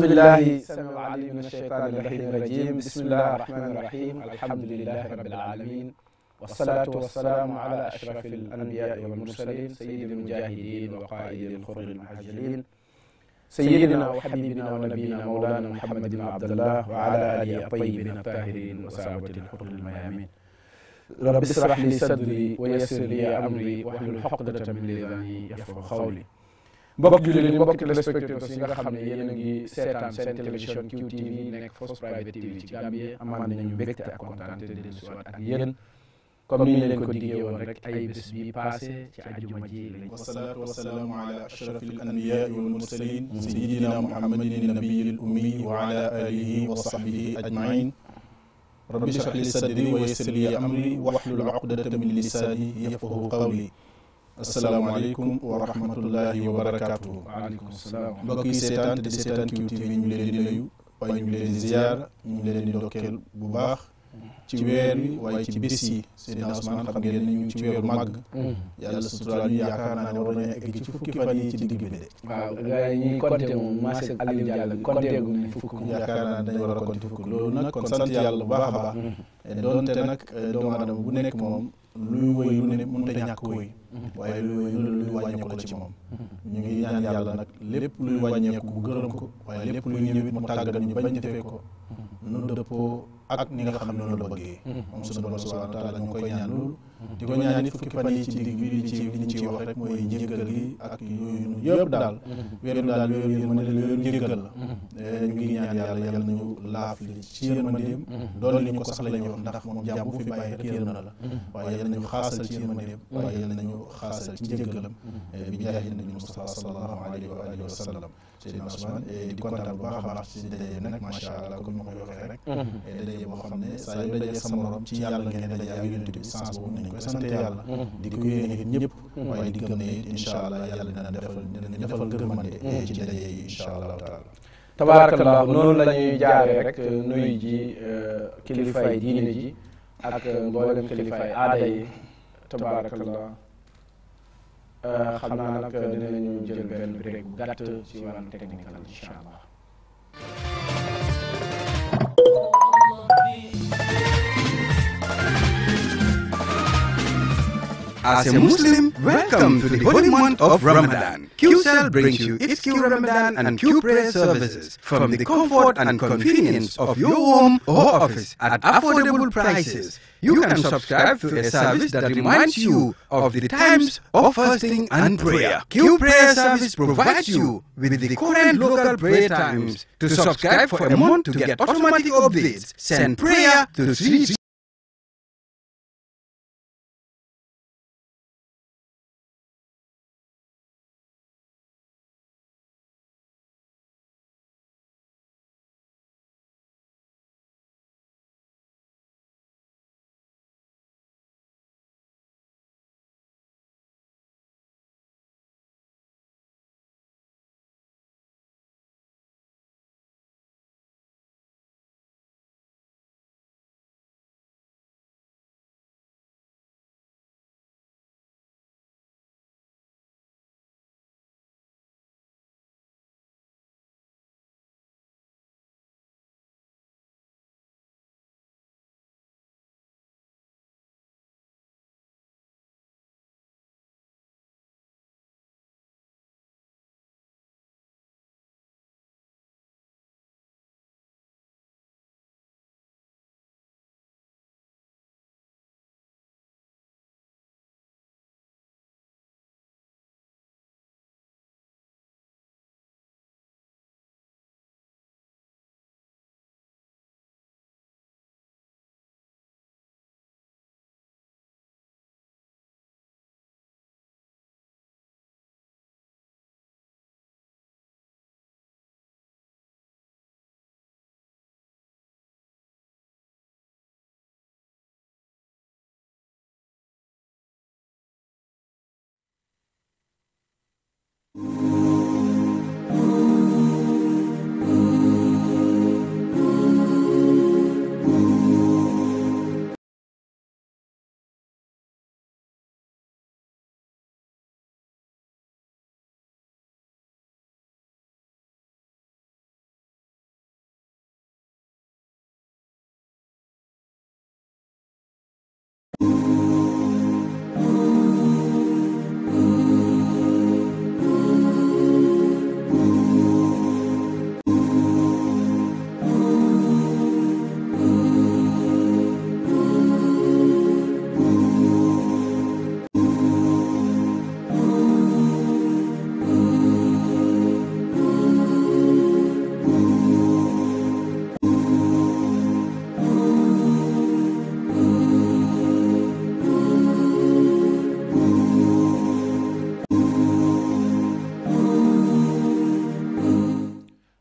أعوذ بالله سمع علي من الشيطان الرحيم الرجيم بسم الله الرحمن الرحيم الحمد لله رب العالمين والصلاة والسلام على أشرف الأنبياء والمرسلين سيد المجاهدين وقائد الخر المهاجرين سيدنا وحبيبنا ونبينا مولانا محمد بن عبد الله وعلى آله الطيبين الطاهرين وصحابة الحر الميامين رب اشرح لي صدري ويسر لي أمري واحلل عقدة من لساني يفقه قولي mbokk jullit yi mbokk téléspectateurs yi nga xam ne yéen a ngi seetaan seen télévision QTV nekk First Private TV ci Gambie amaan nañu mbégte ak kontaante di leen suwaat ak yéen comme ni ñu leen ko diggee woon rek ay bés bi passé ci ajuma ji lañ wasalaatu wasalaamu ala ashraf al anbiyaai wal mursalin sayidina muhammadin nabiyi al ummi wa ala alihi wa sahbihi ajmain rabbi shrah li sadri wa yassir li amri wahlul uqdatan min lisani yafqahu qawli asalaamaaleykum wa rahmatullahi wa barakaatu. waaleykum salaam mbokk yi seetaan di seetaan QTV ñu ngi leen di nuyu waaye ñu ngi leen di ziar ñu leen di ndokkeel bu baax. ci weer wi waaye ci bis yi Seydina Ousmane xam ngeen ne ñu ngi ci weeru màgg yàlla suturaal ñu yaakaar naa ne war nañu egg ci fukki fan yi ci digg bi de waaw gars yi ñuy compté moom maasé Aliou Diallo compté gu ne fukk yaakaar dañu war a compté fukk nag kon yàlla bu baax a baax mm-hmm. eh, doonte nag eh, doomu bu nekk luy woy lu ne mënut a ñàkk woy waaye luy woy lu luy wàññeeku la ci moom ñu ngi ñaan yàlla nag lépp luy wàññeeku bu gërëm ko luy ñëwit mu tàggat ñu bañ defee ko nu dëppoo ak ni nga xam ne noonu la bëggee mm-hmm. moom suñu borom subhanahu wa taala ñu koy ñaan loolu di ko ñaan it fukki fan yi ci digg bi li ci wax rek mooy njëggal gi ak yooyu yëpp daal mm-hmm. weeru daal weeru yërmande la weeru njëggal la mm-hmm. eh, ñu ngi ñaan yàlla yàlla nañu laaf li ci yërmandeem doon li ñu ko sax la ñuy wax ndax moom jàmm fi bàyyi rek yërëm na la waaye yàlla nañu xaasal xaasal ci njëggalam eh, bi jaahi nabi Mustafa sallallahu alayhi wa alihi wa sallam Seydina eh, di kontaan baax a ci daje nag macha allah comme ma daje boo xam ne saa yoo dajee sa morom ci yàlla ngeen dajee ak yonent bi sens boobu nañ koy sant yàlla mm-hmm. Mm-hmm. di ko yéene ñëpp waaye di gëm ne incha allah yàlla dina defal dina defal ngërmande eh, ci daje yi incha allahu taala tabaarakallaahu noonu la ñuy jaaree rek nuyu ji eh, kilifay diine ji ak mboolem kilifay aada yi tabaarakallaahu eh, xam naa nag dinañu jël benn break bu gàtt ci wàllu technique la incha allah As a Muslim, welcome to the holy month of Ramadan. QCell brings you its Q Ramadan and Q prayer services from the comfort and convenience of your home or office at affordable prices. You can subscribe to a service that reminds you of the times of fasting and prayer. Q prayer service provides you with the current local prayer times. To subscribe for a month to get automatic updates, send prayer to 3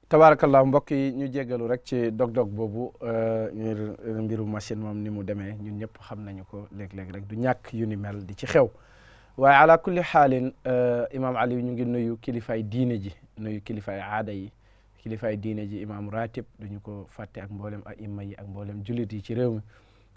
tabaarakallaa mbokk yi ñu jéggalu rek ci dog-dog boobu euh, ngir mbiru machine moom ni mu demee ñun ñëpp xam nañu ko léeg-léeg rek du ñàkk yu ni mel di ci xew waaye ala kulli xaalin euh, imaam Aliou ñu ngi nuyu kilifay diine ji nuyu kilifay aada yi kilifay diine ji imaam ratib duñu ko fàtte ak mboolem ak imma yi ak mboolem jullit yi ci réew mi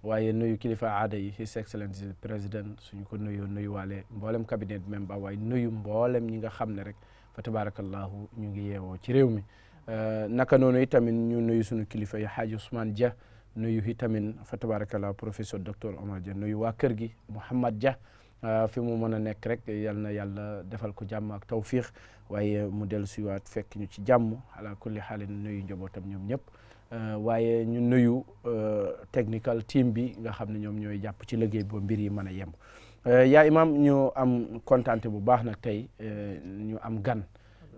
waaye nuyu kilifa aada yi his excellency président suñu ko nuyoo nuyuwaale mboolem cabinet membre waaye nuyu mboolem ñi nga xam ne rek fa tabaarakallaahu ñu ngi yeewoo ci réew mi Euh, naka noonu tamit ñu nuyu suñu kilifa yi Hadj Ousmane Dia nuyu itamit fa tabarakallah professeur docteur Omar Dia nuyu waa kër gi Mouhamad Dia euh, fi mu mën a nekk rek yal na yàlla defal ko jàmm ak tawfiix waaye mu dellu siwaat fekk ñu ci jàmm ala kulli xaalin nuyu njabootam ñoom ñëpp euh, waaye ñu nuyu technical team bi nga xam ne ñoom ñooy jàpp ci liggéey ba mbir yi mën a yem yaa imam ñu am kontaante bu baax nag tey ñu am gan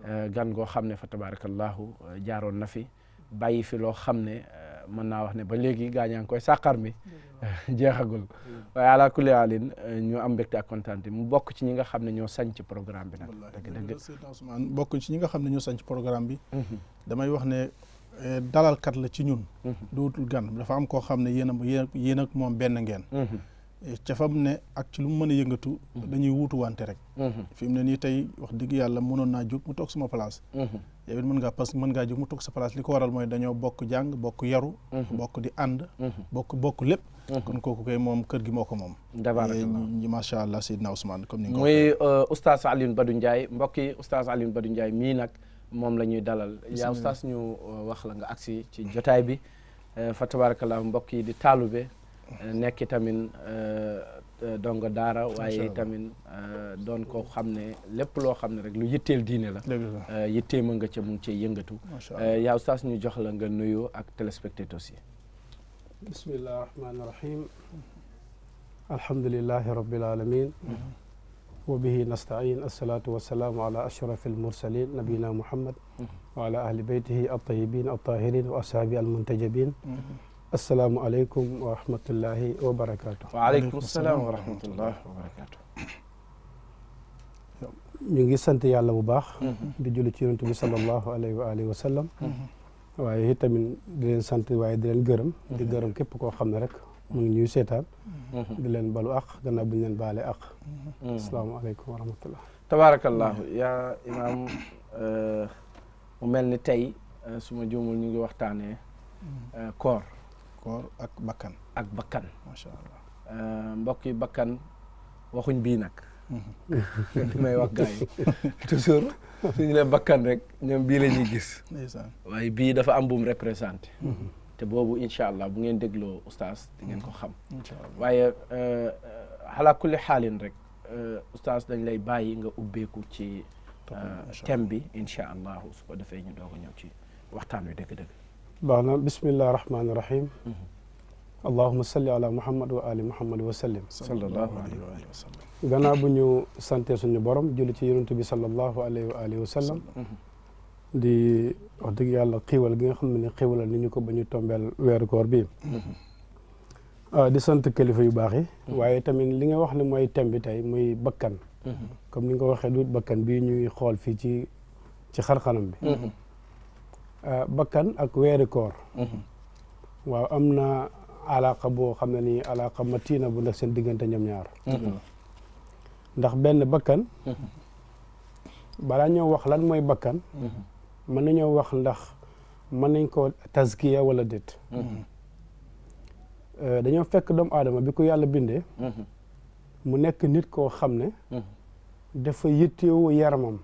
Euh, gan goo xam ne fa tabarakallahu euh, jaaroon na fi bàyyi fi loo xam ne euh, man naa wax ne ba léegi gaañaa ngi koy sàqar mi jeexagul waaye ala kulli alin ñu am mbégte ak kontaan mu bokk ci ñi nga xam ne ñoo sanc programme bi nag dëgg dëgg Seydina Ousmane bokk ci ñi nga xam ne ñoo sanc programme bi mhm. damay wax ne dalalkat la ci ñun mhm. duutul gan dafa am koo xam ne yéen moom benn ngeen mhm. ca fam ne ak ci lu mu mën a yëngatu mhm. dañuy wuutu wante rek mhm. fi mu ne nii tey wax dëgg yàlla mënoon naa jóg mu toog sama place mhm. yow it mën parce que mën ngaa jóg mu toog sa place li ko waral mooy dañoo bokk jàng bokk yaru bokk di ànd bokk bokk lépp kon kooku moom kër gi moo ko moom dabaarakallah macha allah Seydina Ousmane comme ni nga ko muy euh, oustaz Alioune Badou Ndiaye mbokk yi oustaz Alioune Badou mii nag moom la ñuy dalal yaa oustaz ñu euh, wax la nga agsi ci jotaay bi euh, fa tabarakallah mbokk yi di taalube nekk tamit dongo daara waaye tamit doon ko xam ne lépp loo xam ne rek lu yitteel diine la yittee ma nga ca mu ngi cee yëngatu yaaw saas ñu jox la nga nuyoo ak téléspectateurs yi bismillahi rahmaani rahim alhamdulilahi rabbil alamin وبه نستعين الصلاة والسلام على أشرف المرسلين نبينا محمد وعلى أهل بيته الطيبين الطاهرين وأصحابه المنتجبين السلام عليكم ورحمة الله وبركاته وعليكم السلام ورحمة الله وبركاته ñu ngi sant yàlla bu baax di julli ci yonent bi sallallahu alayhi wa alihi wa sallam waaye itamit di leen sant waaye di leen gërëm di gërëm képp koo xam ne rek mu ngi ñuy seetaan di leen balu aq gannaaw bu ñu leen baale aq asalaamaaleykum wa rahmatullah tabaarakallahu yaa imaam mu mel ni tey su ma juumul ñu ngi waxtaanee koor koor ak bakkan ak bakkan macha allah euh, mbokk yi bakkan waxuñ bii nag mm-hmm. li bakkan rek ñoom bii la ñuy gis waaye bii dafa am bu mu mm-hmm. te boobu incha allah bu ngeen dégloo oustaz di ngeen ko mm-hmm. xam waaye xalaa euh, euh, kulli xaalin rek oustaz dañ lay bàyyi nga ubbeeku ci thème bi incha allahu su ko defee ñu doog a ñëw ci waxtaan wi dëgg-dëgg baax na bisimilah rahmaani rahiim. allahuma salli ala muhammad wa ali muhammad wa sallim. sallallahu alayhi wa alihi wa sallam. gannaaw bu ñu sante suñu borom julli ci yonent bi sallallahu alayhi wa alihi wa sallam. di wax dëgg yàlla xiiwal gi nga xam ne xiiwalal ni ñu ko ba ñu tombeel weeru koor bi di sant kilifa yu baax yi. waaye tamit li nga wax ne mooy thème bi tey muy bakkan. comme ni nga ko waxee du bakkan bii ñuy xool fii ci ci xar-xanam bi. Euh, bakkan ak weeri mhm. waaw am na alaqa boo xam ne nii alaqa matiina bu ndax seen diggante ñoom ñaar mhm. ndax benn bakkan mhm. balaa ñoo wax lan mooy bakkan mën nañoo wax ndax mën nañ koo tazkiya wala déet euh, dañoo fekk doomu aadama bi ko yàlla bindee mu nekk nit koo xam ne dafa yittewu yaramam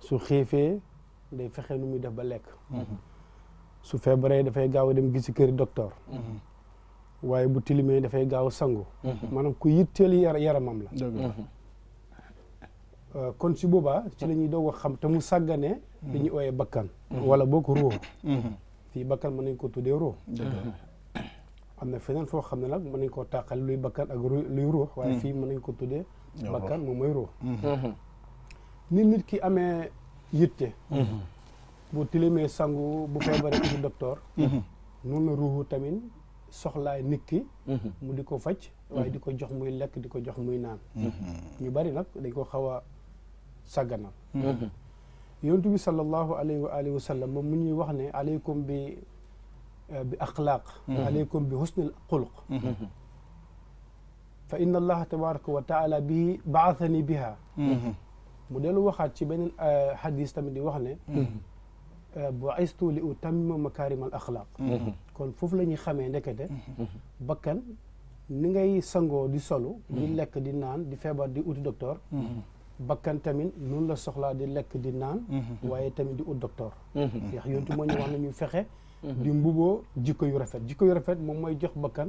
su xiifee day fexe nu muy def ba lekk mhm. su feebaree dafay gaaw a dem gisi këri docteur mhm. waaye bu tilimee dafay gaaw sangu mhm. maanaam ku yitteel yaramam la euh, kon si boobaa ci la ñuy doog xam te mu sàgganee dañuy ooyee bakkan wala boog ruux fii bakkan mën nañ ko tuddee ruux am na feneen foo xam ne nag mën nañ koo tàqal luy bakkan ak luy fii mën nañ ko tuddee bakkan moom mooy ruux nit nit ki amee yitte bu tilime sangu bu feebaree ci docteur non la ruhu tamit soxlay nit ki mu diko fajj way diko jox muy lek diko jox muy nan ñu bari nak dañ ko xawa saganal sàgganal yontu bi sallallahu alayhi wa alihi wa sallam mu ñuy wax ne alaykum bi bi akhlaq alaykum bi husnil xuluq fa inna allaha tabaraka wa taala bi ba'athani biha mu dellu waxaat ci beneen xadis tamit di wax ne bu'istu li utammima makarim al axlaq kon foofu la ñuy xamee ndekete bakkan ni ngay sangoo di solu di lekk di naan di feebar di uti docteur bakkan tamit noonu la soxlaa di lekk di naan waaye tamit di ut docteur ndax yontu moo ñu wax ne ñu fexe di mbuboo jikko yu rafet jikko yu rafet moom mooy jox bakkan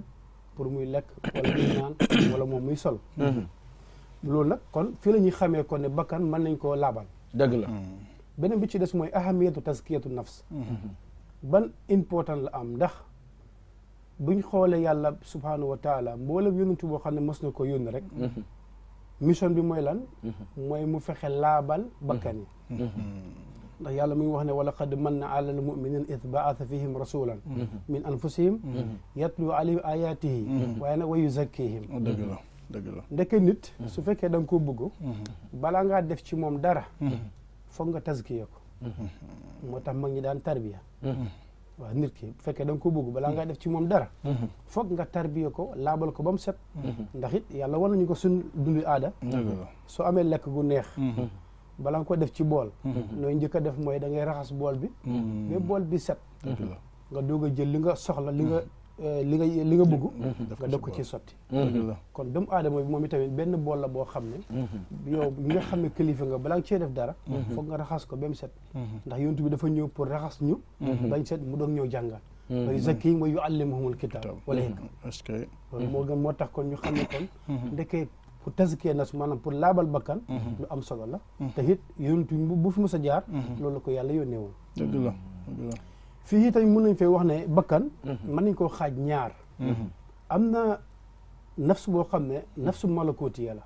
pour muy lekk wala muy naan wala moom muy sol loolu nag kon fii la ñuy xamee kon ne bakkan man nañ koo laabal dëgg la mm. beneen bi ci des mooy ahamiyatu taskiyatu nafs mm-hmm. ban important la am ndax ñu xoolee yàlla subhanahu wa taala mboolem yonentu boo xam ne mos na ko yónni rek mm-hmm. mission bi mooy lan mm-hmm. mooy mu fexe laabal bakkan yi ndax yàlla muy wax ne wala qad manna ala al muminin id baasa fihim rasulan min anfusihim yatlu alayhim ayatihi waaye nag wa yuzakkihim oh, la dëgg la ndeke nit. su fekkee da nga koo bëgg. balaa ngaa def ci moom dara. foog nga taskiya ko. moo tax mag ñi daan tarbiya. waaw nit ki bu fekkee da nga ko bëgg balaa ngaa def ci moom dara. foog nga tarbiya ko laabal ko ba mu set. ndax it yàlla war nañu ko suñ dundu aada. soo amee lekk gu neex. balaa nga ko def ci bool. nooy njëkk a def mooy da ngay raxas bool bi. Mm-hmm. ba bool bi set. nga doog a jël li nga soxla li nga. Euh, li nga li nga bëgg mm-hmm. Mm-hmm. nga def ko ci sotti mm-hmm. kon doomu aadama bi moom itamit benn bool la boo xam ne yow nga xam ne kilifa nga balaa nga cee def dara foog nga raxas ko ba set ndax yontu bi dafa ñëw pour raxas ñu bañ set mu doog ñëw jàngal wa yuzakkiihim wa yu'allimuhumul kitaab wal hikma moo gën moo tax kon ñu xam ne kon ndekee pour tazkiya nas maanaam pour laabal bakkan lu am solo la te it yontu bu fi mos a jaar loolu la ko yàlla yónnee woon في تاي مون لاني في واخني بكان مان نكو خاج ñaar امنا نفس بو خامني نفس ملكوتي لا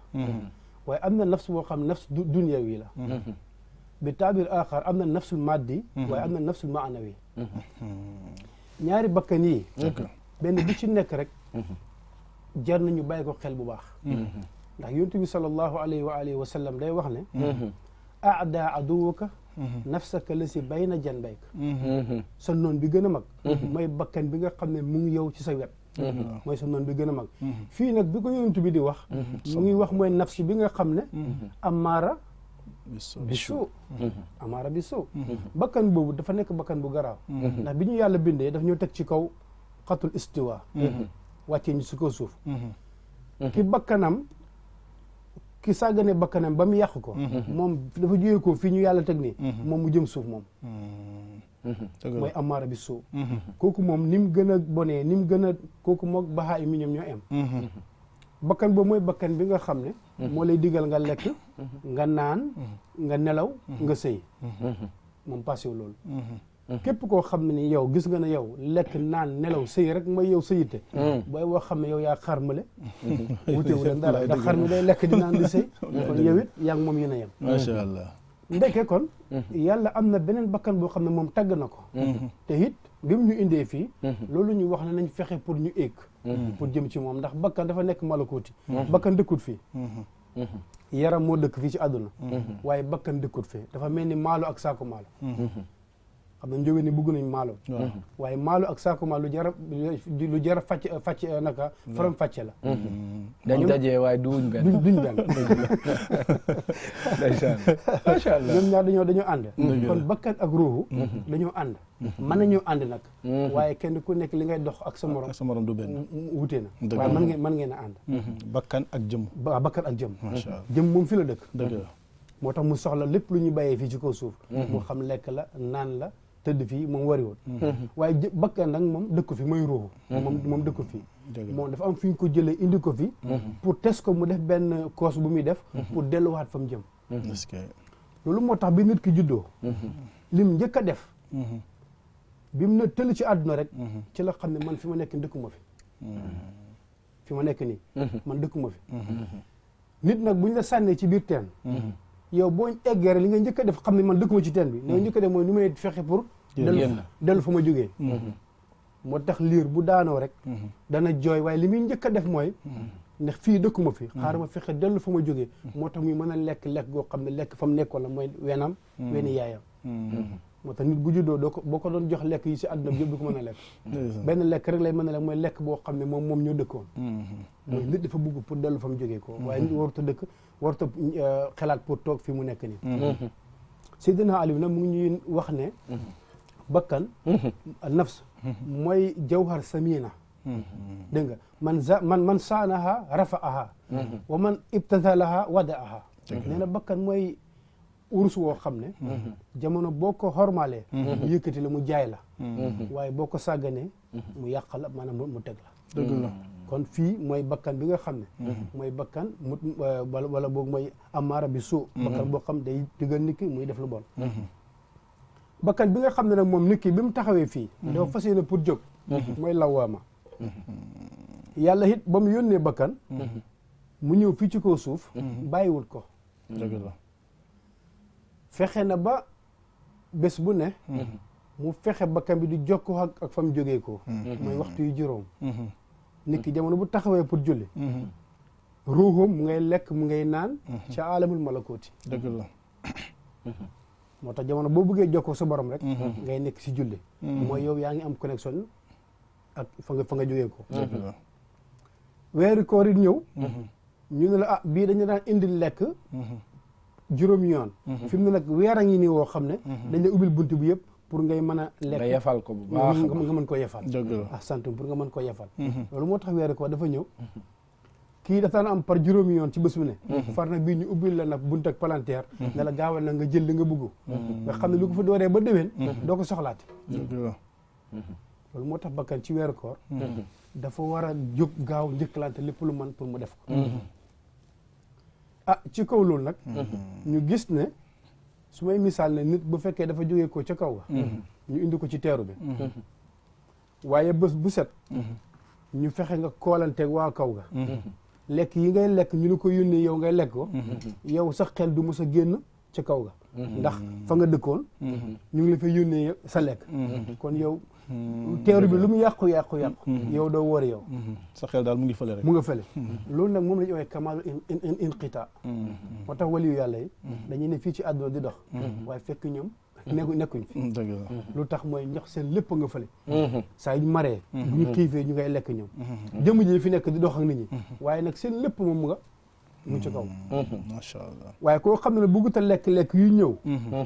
واي امنا نفس بو خام نفس دنياوي لا بتعبير اخر امنا نفس المادي واي امنا نفس المعنوي ñaari bakkan yi benn bi ci nekk rek mhm. jar nañu bàyyi ko xel bu baax mhm. ndax yonte bi sal allahu alayhi wa alihi wa sallam day wax ne aada mhm. aduwaka Mm-hmm. nafsaka la si bay na jan bayk mm-hmm. sa noon bi gën a mag mm-hmm. mooy bakkan bi nga xam ne mu ngi yow ci sa wet mooy sa noon bi gën a mag fii nag bi ko yonent bi di wax mu ngi wax mooy nafs bi nga xam ne amaara bi suu amaara bi suu bakkan boobu dafa nekk bakkan bu garaaw ndax bi ñu yàlla bindee daf ñu teg ci kaw xatul istiwa wàccee ñu si ko suuf ki bakkanam ki sàggane bakkanam ba mu yàq ko mhm. moom dafa jógee ko fii ñu yàlla teg nii mhm. moom mu jëm suuf moom mhm. mooy amaara bi suuf kooku moom ni mu gën a bonee ni mu gën a kooku moog baxaa yi mi ñoom ñoo em bakkan boo mooy bakkan bi nga xam ne moo lay digal nga lekk nga naan nga nelaw nga sëy moom passé loolu képp koo xam ne ni yow gis nga ne yow lekk naan nelaw sëy rek mooy yow sëyite mm. booy boo xam ne yow yaa xarmale wutewu leen dara ndax xarmi day lekk di naan di sëy kon yow it yaa ngi moom yéen macha allah ndeke kon mm-hmm. yàlla am na beneen bakkan boo xam ne moom tagg na ko mm-hmm. te it bi mu indee fii mm-hmm. loolu ñu wax ne nañ fexe pour ñu éeg pour jëm ci moom ndax bakkan dafa nekk malakuuti bakkan dëkkut fii yaram moo dëkk fii ci àdduna waaye bakkan dëkkut fii ni maalo ak maalo xam na njóge ni bëgg nañ maalo waaye maalo ak saako maalo lu jara lu jara fàcc fàcc eh, naka faram fàcce la mm-hmm. Mm-hmm. dañ dajee waaye duñ benn duñ benn macha allah ñoom ñaar dañoo dañoo ànd kon bakkan ak ruuxu mm-hmm. dañoo ànd mën nañoo ànd nag waaye kenn ku nekk li ngay dox ak sa morom sa du benn wutee na waaye man ngeen mën a ànd bakkan ak jëm waaw bakkan ak jëm jëm moom fi la dëkk moo tax mu soxla lépp lu ñu bàyyee fii ci kaw suuf moo xam lekk la naan la tëdd fii moom wariwul mhm. mhm. waaye bakkan nag moom dëkku fi mooy ruuxu mhm. moom moom dëkku fii moom dafa am fi ñu ko jëlee indi ko fii pour tes ko mu def benn koos bu muy def pour delluwaat fa mu jëm loolu moo tax bi nit ki juddoo lim njëkk a def bi mu ne tëll ci àdduna rek ci la xam ne man fi ma nekk dëkkuma fi fi ma nekk nii man dëkkuma fi nit nag bu ñu la sànnee ci biir teen yow boo eggee li nga njëkk a def xam ne man dëkkuma ci teen bi li nga hmm. njëkk a def mooy nu may fexe pour dellu fa ma jógee hmm. moo tax liir bu daanoo rek hmm. dana jooy waaye li muy njëkk def mooy ndax fii dëkkuma fi xaaral ma fexe dellu fa ma jóge moo tax muy mën a lekk lekk goo xam ne lekk fa mu nekkoon la mooy wenam weni yaayam moo tax nit bu juddoo doo ko boo ko doon jox lekk yi si àdduna ko mën a lekk benn lekk rek lay mën a lekk mooy lekk boo xam ne moom moom ñoo dëkkoon mooy nit dafa bugg pour dellu fa mu jógee ko waaye nit warut a dëkk warta euh, xelaat pour toog fi mu nekk nii mm-hmm. mm-hmm. Seydina Aliou nag mu ngi wax ne mm-hmm. bakkan nafs mooy jawhar samina dégg man za man man saanaha wa man ibtatalaha wadaaha nee na bakkan mooy urus woo xam ne jamono boo ko xormalee mu yëkkati la mu jaay la waaye boo ko sàgganee mu yàq la maanaam mu teg la kon fii mooy bakkan bi nga xam ne mhm. mooy bakkan mut euh, wala wala boog mooy amaara bi suu mhm. boo xam day digal nit ki muy def lu bon mhm. bi nga xam ne nag moom nit bi mu taxawee fii dafa fas yéene pour jóg mooy lawaama yàlla ba mu yónnee bakkan mu ñëw fii ci kaw suuf bàyyiwul ko fexe na ba bés bu ne mu fexe bakkan bi di jokkoo ak ak jóge mu jógee ko mooy waxtu yu juróom nit ki jamono bu taxawee pour julli mhm. ruuxum mu ngay lekk mu ngay naan mhm. ci aalamul malakooti dëgg moo tax jamono boo bëggee jokkoo sa borom rek mhm. ngay nekk si julli mooy yow yaa ngi am connexion ak fa nga fa nga ko weeru koor ñëw ñu ne la ah bii dañ daan indi lekk juróom yoon fi mu ne nag weer a ngi nii woo xam ne dañ la ubbil bunt bi yëpp pour ngay mën a lekk nga yefal ko bu baax nga nga mën ko yefal dëgg la ah santum pour nga mën ko yefal mhm. loolu moo tax weeru ko dafa ñëw mhm. kii dafa daan am par juróomi yoon ci bés bi ne mhm. far na bii ñu ubbil la nag bunt ak palanteer ne la gaawal na nga jël li nga bëgg nga xam ne lu ko fa dooree ba déwén doo ko soxlaati loolu moo tax bakkan ci weeru koor dafa war a jóg gaaw njëkkalante lépp lu man pour mu def ko ah ci kaw loolu nag ñu gis ne su may misaal ne nit bu fekkee dafa jógee ko ca kaw ga mhm. ñu indi ko ci teeru bi mhm. Mhm. waaye bés bu set ñu fexe nga koolanteeg waa kaw ga lekk yi ngay lekk ñu lu ko yónnee yow ngay lekk ko yow sax xel du mës a génn ca kaw ga ndax fa nga dëkkoon ñu ngi la fa yónnee sa lekk kon yow teeru bi lu mu yàqu yàqu yàqu. yow doo wóor yow. sa xel daal mu ngi fële rek. mu ngi fële loolu nag moom la ñu ooyee kamaalu inqitaa. moo tax waliyu yàlla yi. dañuy ne fii ci àdduna di dox. waaye fekk ñoom. nekku nekkuñ fi lu tax mooy ñox seen lépp nga fële saa yu maree ñu xiifee ñu ngay lekk ñoom jëmm ji fi nekk di dox ak waaye nag seen lépp mu ci kaw a lekk-lekk yu ñëw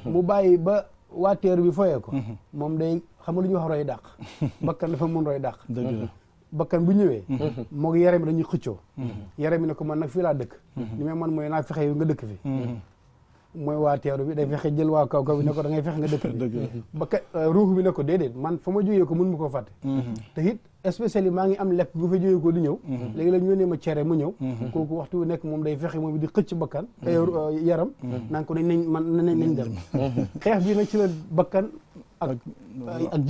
mu bàyyi ba waa teer bi foyee ko moom day xam nga lu ñuy wax roy dàq bakkan dafa mën roy dàq bakkan bu ñëwee mm-hmm. moog yaram bi dañuy xëccoo mm-hmm. yaram bi ne ko man nag fi laa dëkk mm-hmm. li may man mooy naa fexe yow nga dëkk fi bi day fexe jël waa kaw kaw bi ko da ngay fexe nga dëkk fi bakkan euh, ko déedéet man fa ma jógee ko mun ma koo fàtte te it maa ngi am lekk gu fa jógee ko di ñëw léegi la ñu yónnee ma cere ma ñëw kooku waxtu nekk moom day fexe moom di xëcc bakkan euh, yaram naan ko nañ nañ man nañ nañ dem xeex bi nag ci la bakkan ak ak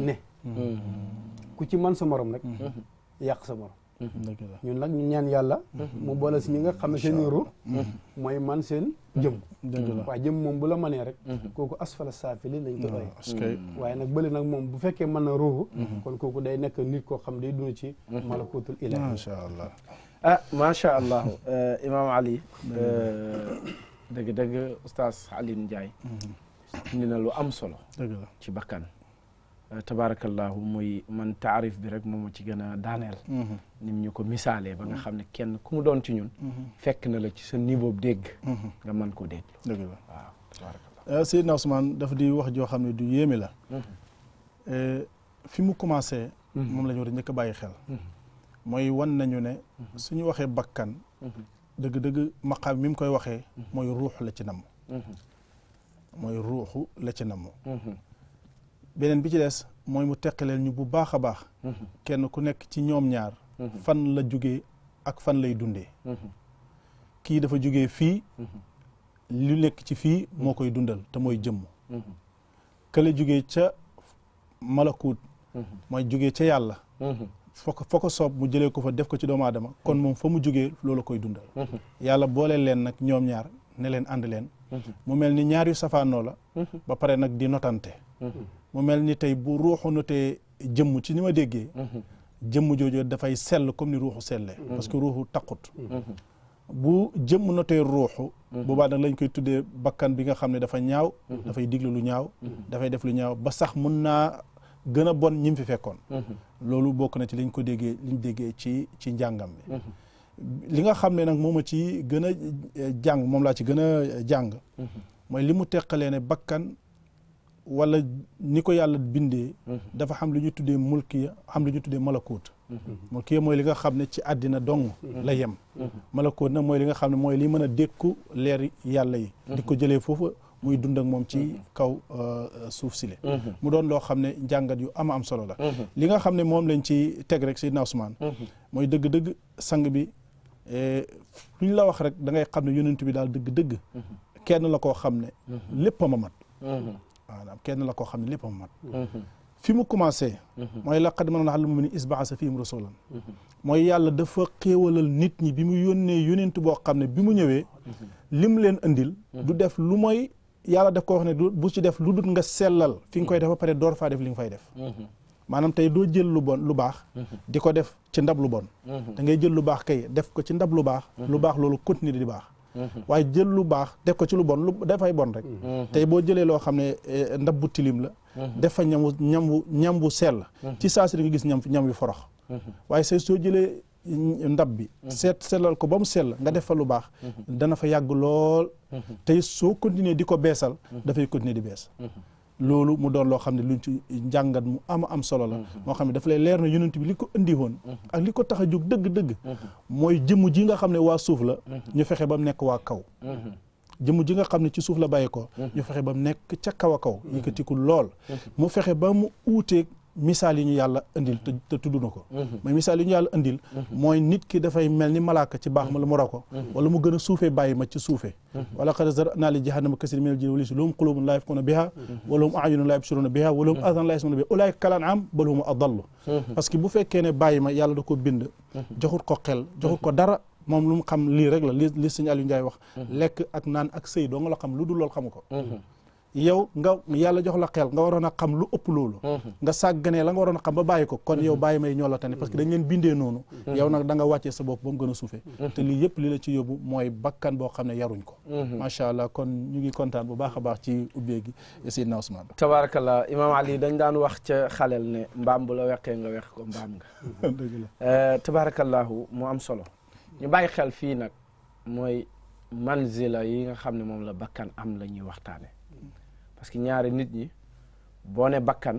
ne ku ci man sa morom rek yàq sa morom ñu nag ñu ñaan yàlla mu boole si ñi nga xam ne seen ruux mooy man seen jëm waaye jëm moom bu la manee rek mhm. kooku asfala saafili lañ ko doy ah, mhm. waaye nag bële nag moom bu fekkee mën na ruuxu mhm. kon kooku day nekk nit koo xam day dund ci malakutul ilahi macha allah ah macha allah euh, imaam ali dëgg euh, dëgg oustaz Alioune Ndiaye indi na lu am solo ci bakkan euh, tabaarakallaahu muy man taarif bi rek moom ci gën a daaneel mhm. nim ñu ko misaalee ba nga mhm. xam ne kenn ku mu doon ci ñun mhm. fekk na la ci sa niveau dégg nga mën koo déglu dëgg la waaw tabaarakallaahu euh, Seydina Ousmane dafa di wax joo xam ne du yéeme la euh, fi mu commencé moom la ñu war a njëkk bàyyi xel mooy wan nañu ne suñu waxee bakkan dëgg-dëgg maqaam mi mu koy waxee mooy ruux la ci namm mooy ruuxu la ca namm mhm. beneen bi ci des mooy mu leen ñu bu baax a baax mhm. kenn ku nekk ci ñoom ñaar mhm. fan la jóge ak fan lay dundee kii dafa jóge fii lu nekk ci fii moo koy dundal te mooy jëmm kële jugee ca malakuut mooy jóge ca yàlla foo ko foo ko soob mu jëlee ko fa def ko ci doomu aadama kon moom fa mu jugee loolu koy dundal yàlla boole leen nag ñoom ñaar ne leen ànd leen mu mel ni ñaar yu safaanoo la mhm. ba pare nag di notante mhm. mu mel ni tey bu ruuxu notee jëmm ci ni ma déggee mhm. jëmm jooju dafay sell comme ni ruuxu selle parce que ruuxu taqut bu jëmm notee ruuxu boobaa nag lañ koy tuddee bakkan bi nga xam ne dafa ñaaw dafay diglu lu ñaaw dafay def lu ñaaw ba sax mun naa gën a bon ñim fi fekkoon loolu bokk na ci lañ ko déggee liñ déggee ci ci njàngam bi li nga xam ne nag moom a ci gën a eh, jàng moom laa ci gën a eh, jàng mm-hmm. mooy li mu teqalee ne bakkan wala ni ko yàlla bindee mm-hmm. dafa xam lu ñu tuddee mulkiya xam lu ñu tuddee malakoot mm-hmm. mulkiya mooy li nga xam ne ci àddina dong la yem malakoot nag mooy li nga xam ne mooy li mën a dékku leer yàlla yi di ko jëlee foofu muy dund ak moom ci kaw euh, suuf sile mu doon loo xam ne njàngat yu am am solo la li nga xam ne moom lañ ci teg rek Seydina Ousmane mooy dëgg-dëgg sang bi lu eh, ñu la wax rek da ngay xam ne yonent bi daal dëgg-dëgg kenn la koo xam ne lépp a ma mat maanaam kenn la koo xam ne lépp ma mat fi mu commencé mooy laqad manna Allahu alal mu'miniina iz ba'asa fiihim rasulan mooy yàlla dafa xéewalal nit ñi bi mu yónnee yonent boo xam ne bi mu ñëwee li mu leen indil du def lu mooy yàlla daf ko wax ne du bu si def lu dut nga sellal fi nga koy def ba pare door faa def li nga fay def maanaam tey doo jël lu bon lu baax mhm. di ko def ci ndab lu bon mhm. da ngay jël lu baax kay def ko ci ndab lu baax mhm. lu loolu continuer di baax waaye jël lu baax def ko ci lu bon lu dafay bon rek tey boo jëlee loo xam ne eh, ndab bu tilim la def fa ñamu ñambu ñambu sell ci saa si nga gis ñam ñam yu forox waaye say soo jëlee ndab bi seet sellal ko ba mu sell nga def fa lu baax dana fa yàgg lool tey soo continuer di ko beesal dafay continuer di bees loolu mu doon loo xam ne luñ ci njàngat mu am am solo la mm-hmm. moo xam ne dafa lay leer na yonent bi li ko indi woon mm-hmm. ak li ko tax a jóg dëgg-dëgg mm-hmm. mooy jëmm ji nga xam ne waa suuf la ñu fexe ba mu nekk waa kaw jëmm ji nga xam ne ci suuf la bàyyi ko ñu fexe ba mu nekk ca kaw a kaw yëkkatiku lool mu fexe ba mu uuteeg misal yi ñu yàlla indil te tudd na ko mais misal yi ñu yàlla indil mooy nit ki dafay mel ni malaaka ci baax ma la mu ko wala mu gën a suufee bàyyi ma ci suufee wala qad zara'naa li jahannama kasiiran minal jinni wal insi lahum quluubun laa yafqahuuna bihaa wa lahum a'yunun laa yubsiruuna biha wa lahum aazaanun laa yasma'uuna bihaa ulaa'ika kal an'aam bal hum adallu parce que bu fekkee ne bàyyi ma yàlla da ko bind joxut ko xel joxut ko dara moom lu mu xam lii rek la li li sëñ Aliou Ndiaye wax lekk ak naan ak sëy do nga la xam lu dul loolu xamu ko yow nga yàlla jox la xel nga waroon a xam lu ëpp loolu mhm. nga sàgganee la nga waroon a xam ba bàyyi ko kon mhm. yow bàyyi may ñoo la tane parce que dañ leen bindee noonu mhm. yow nag da nga sa bopp ba mu gën a suufee te lii yëpp li la ci yóbbu mooy bakkan boo xam ne yaruñ ko macha allah kon ñu ngi kontaan bu baax a baax ci ubbee gi Seydina Ousmane tabarakallah Imam Ali dañ daan wax ca xaleel ne mbaam bu la weqee nga weq ko mbaam nga dëgg la euh, tabarakallahu mu am solo ñu bàyyi xel fii nag mooy manzila yi nga xam ne moom la bakkan am la ñuy waxtaane parce que ñaari nit ñi boo ne bakkan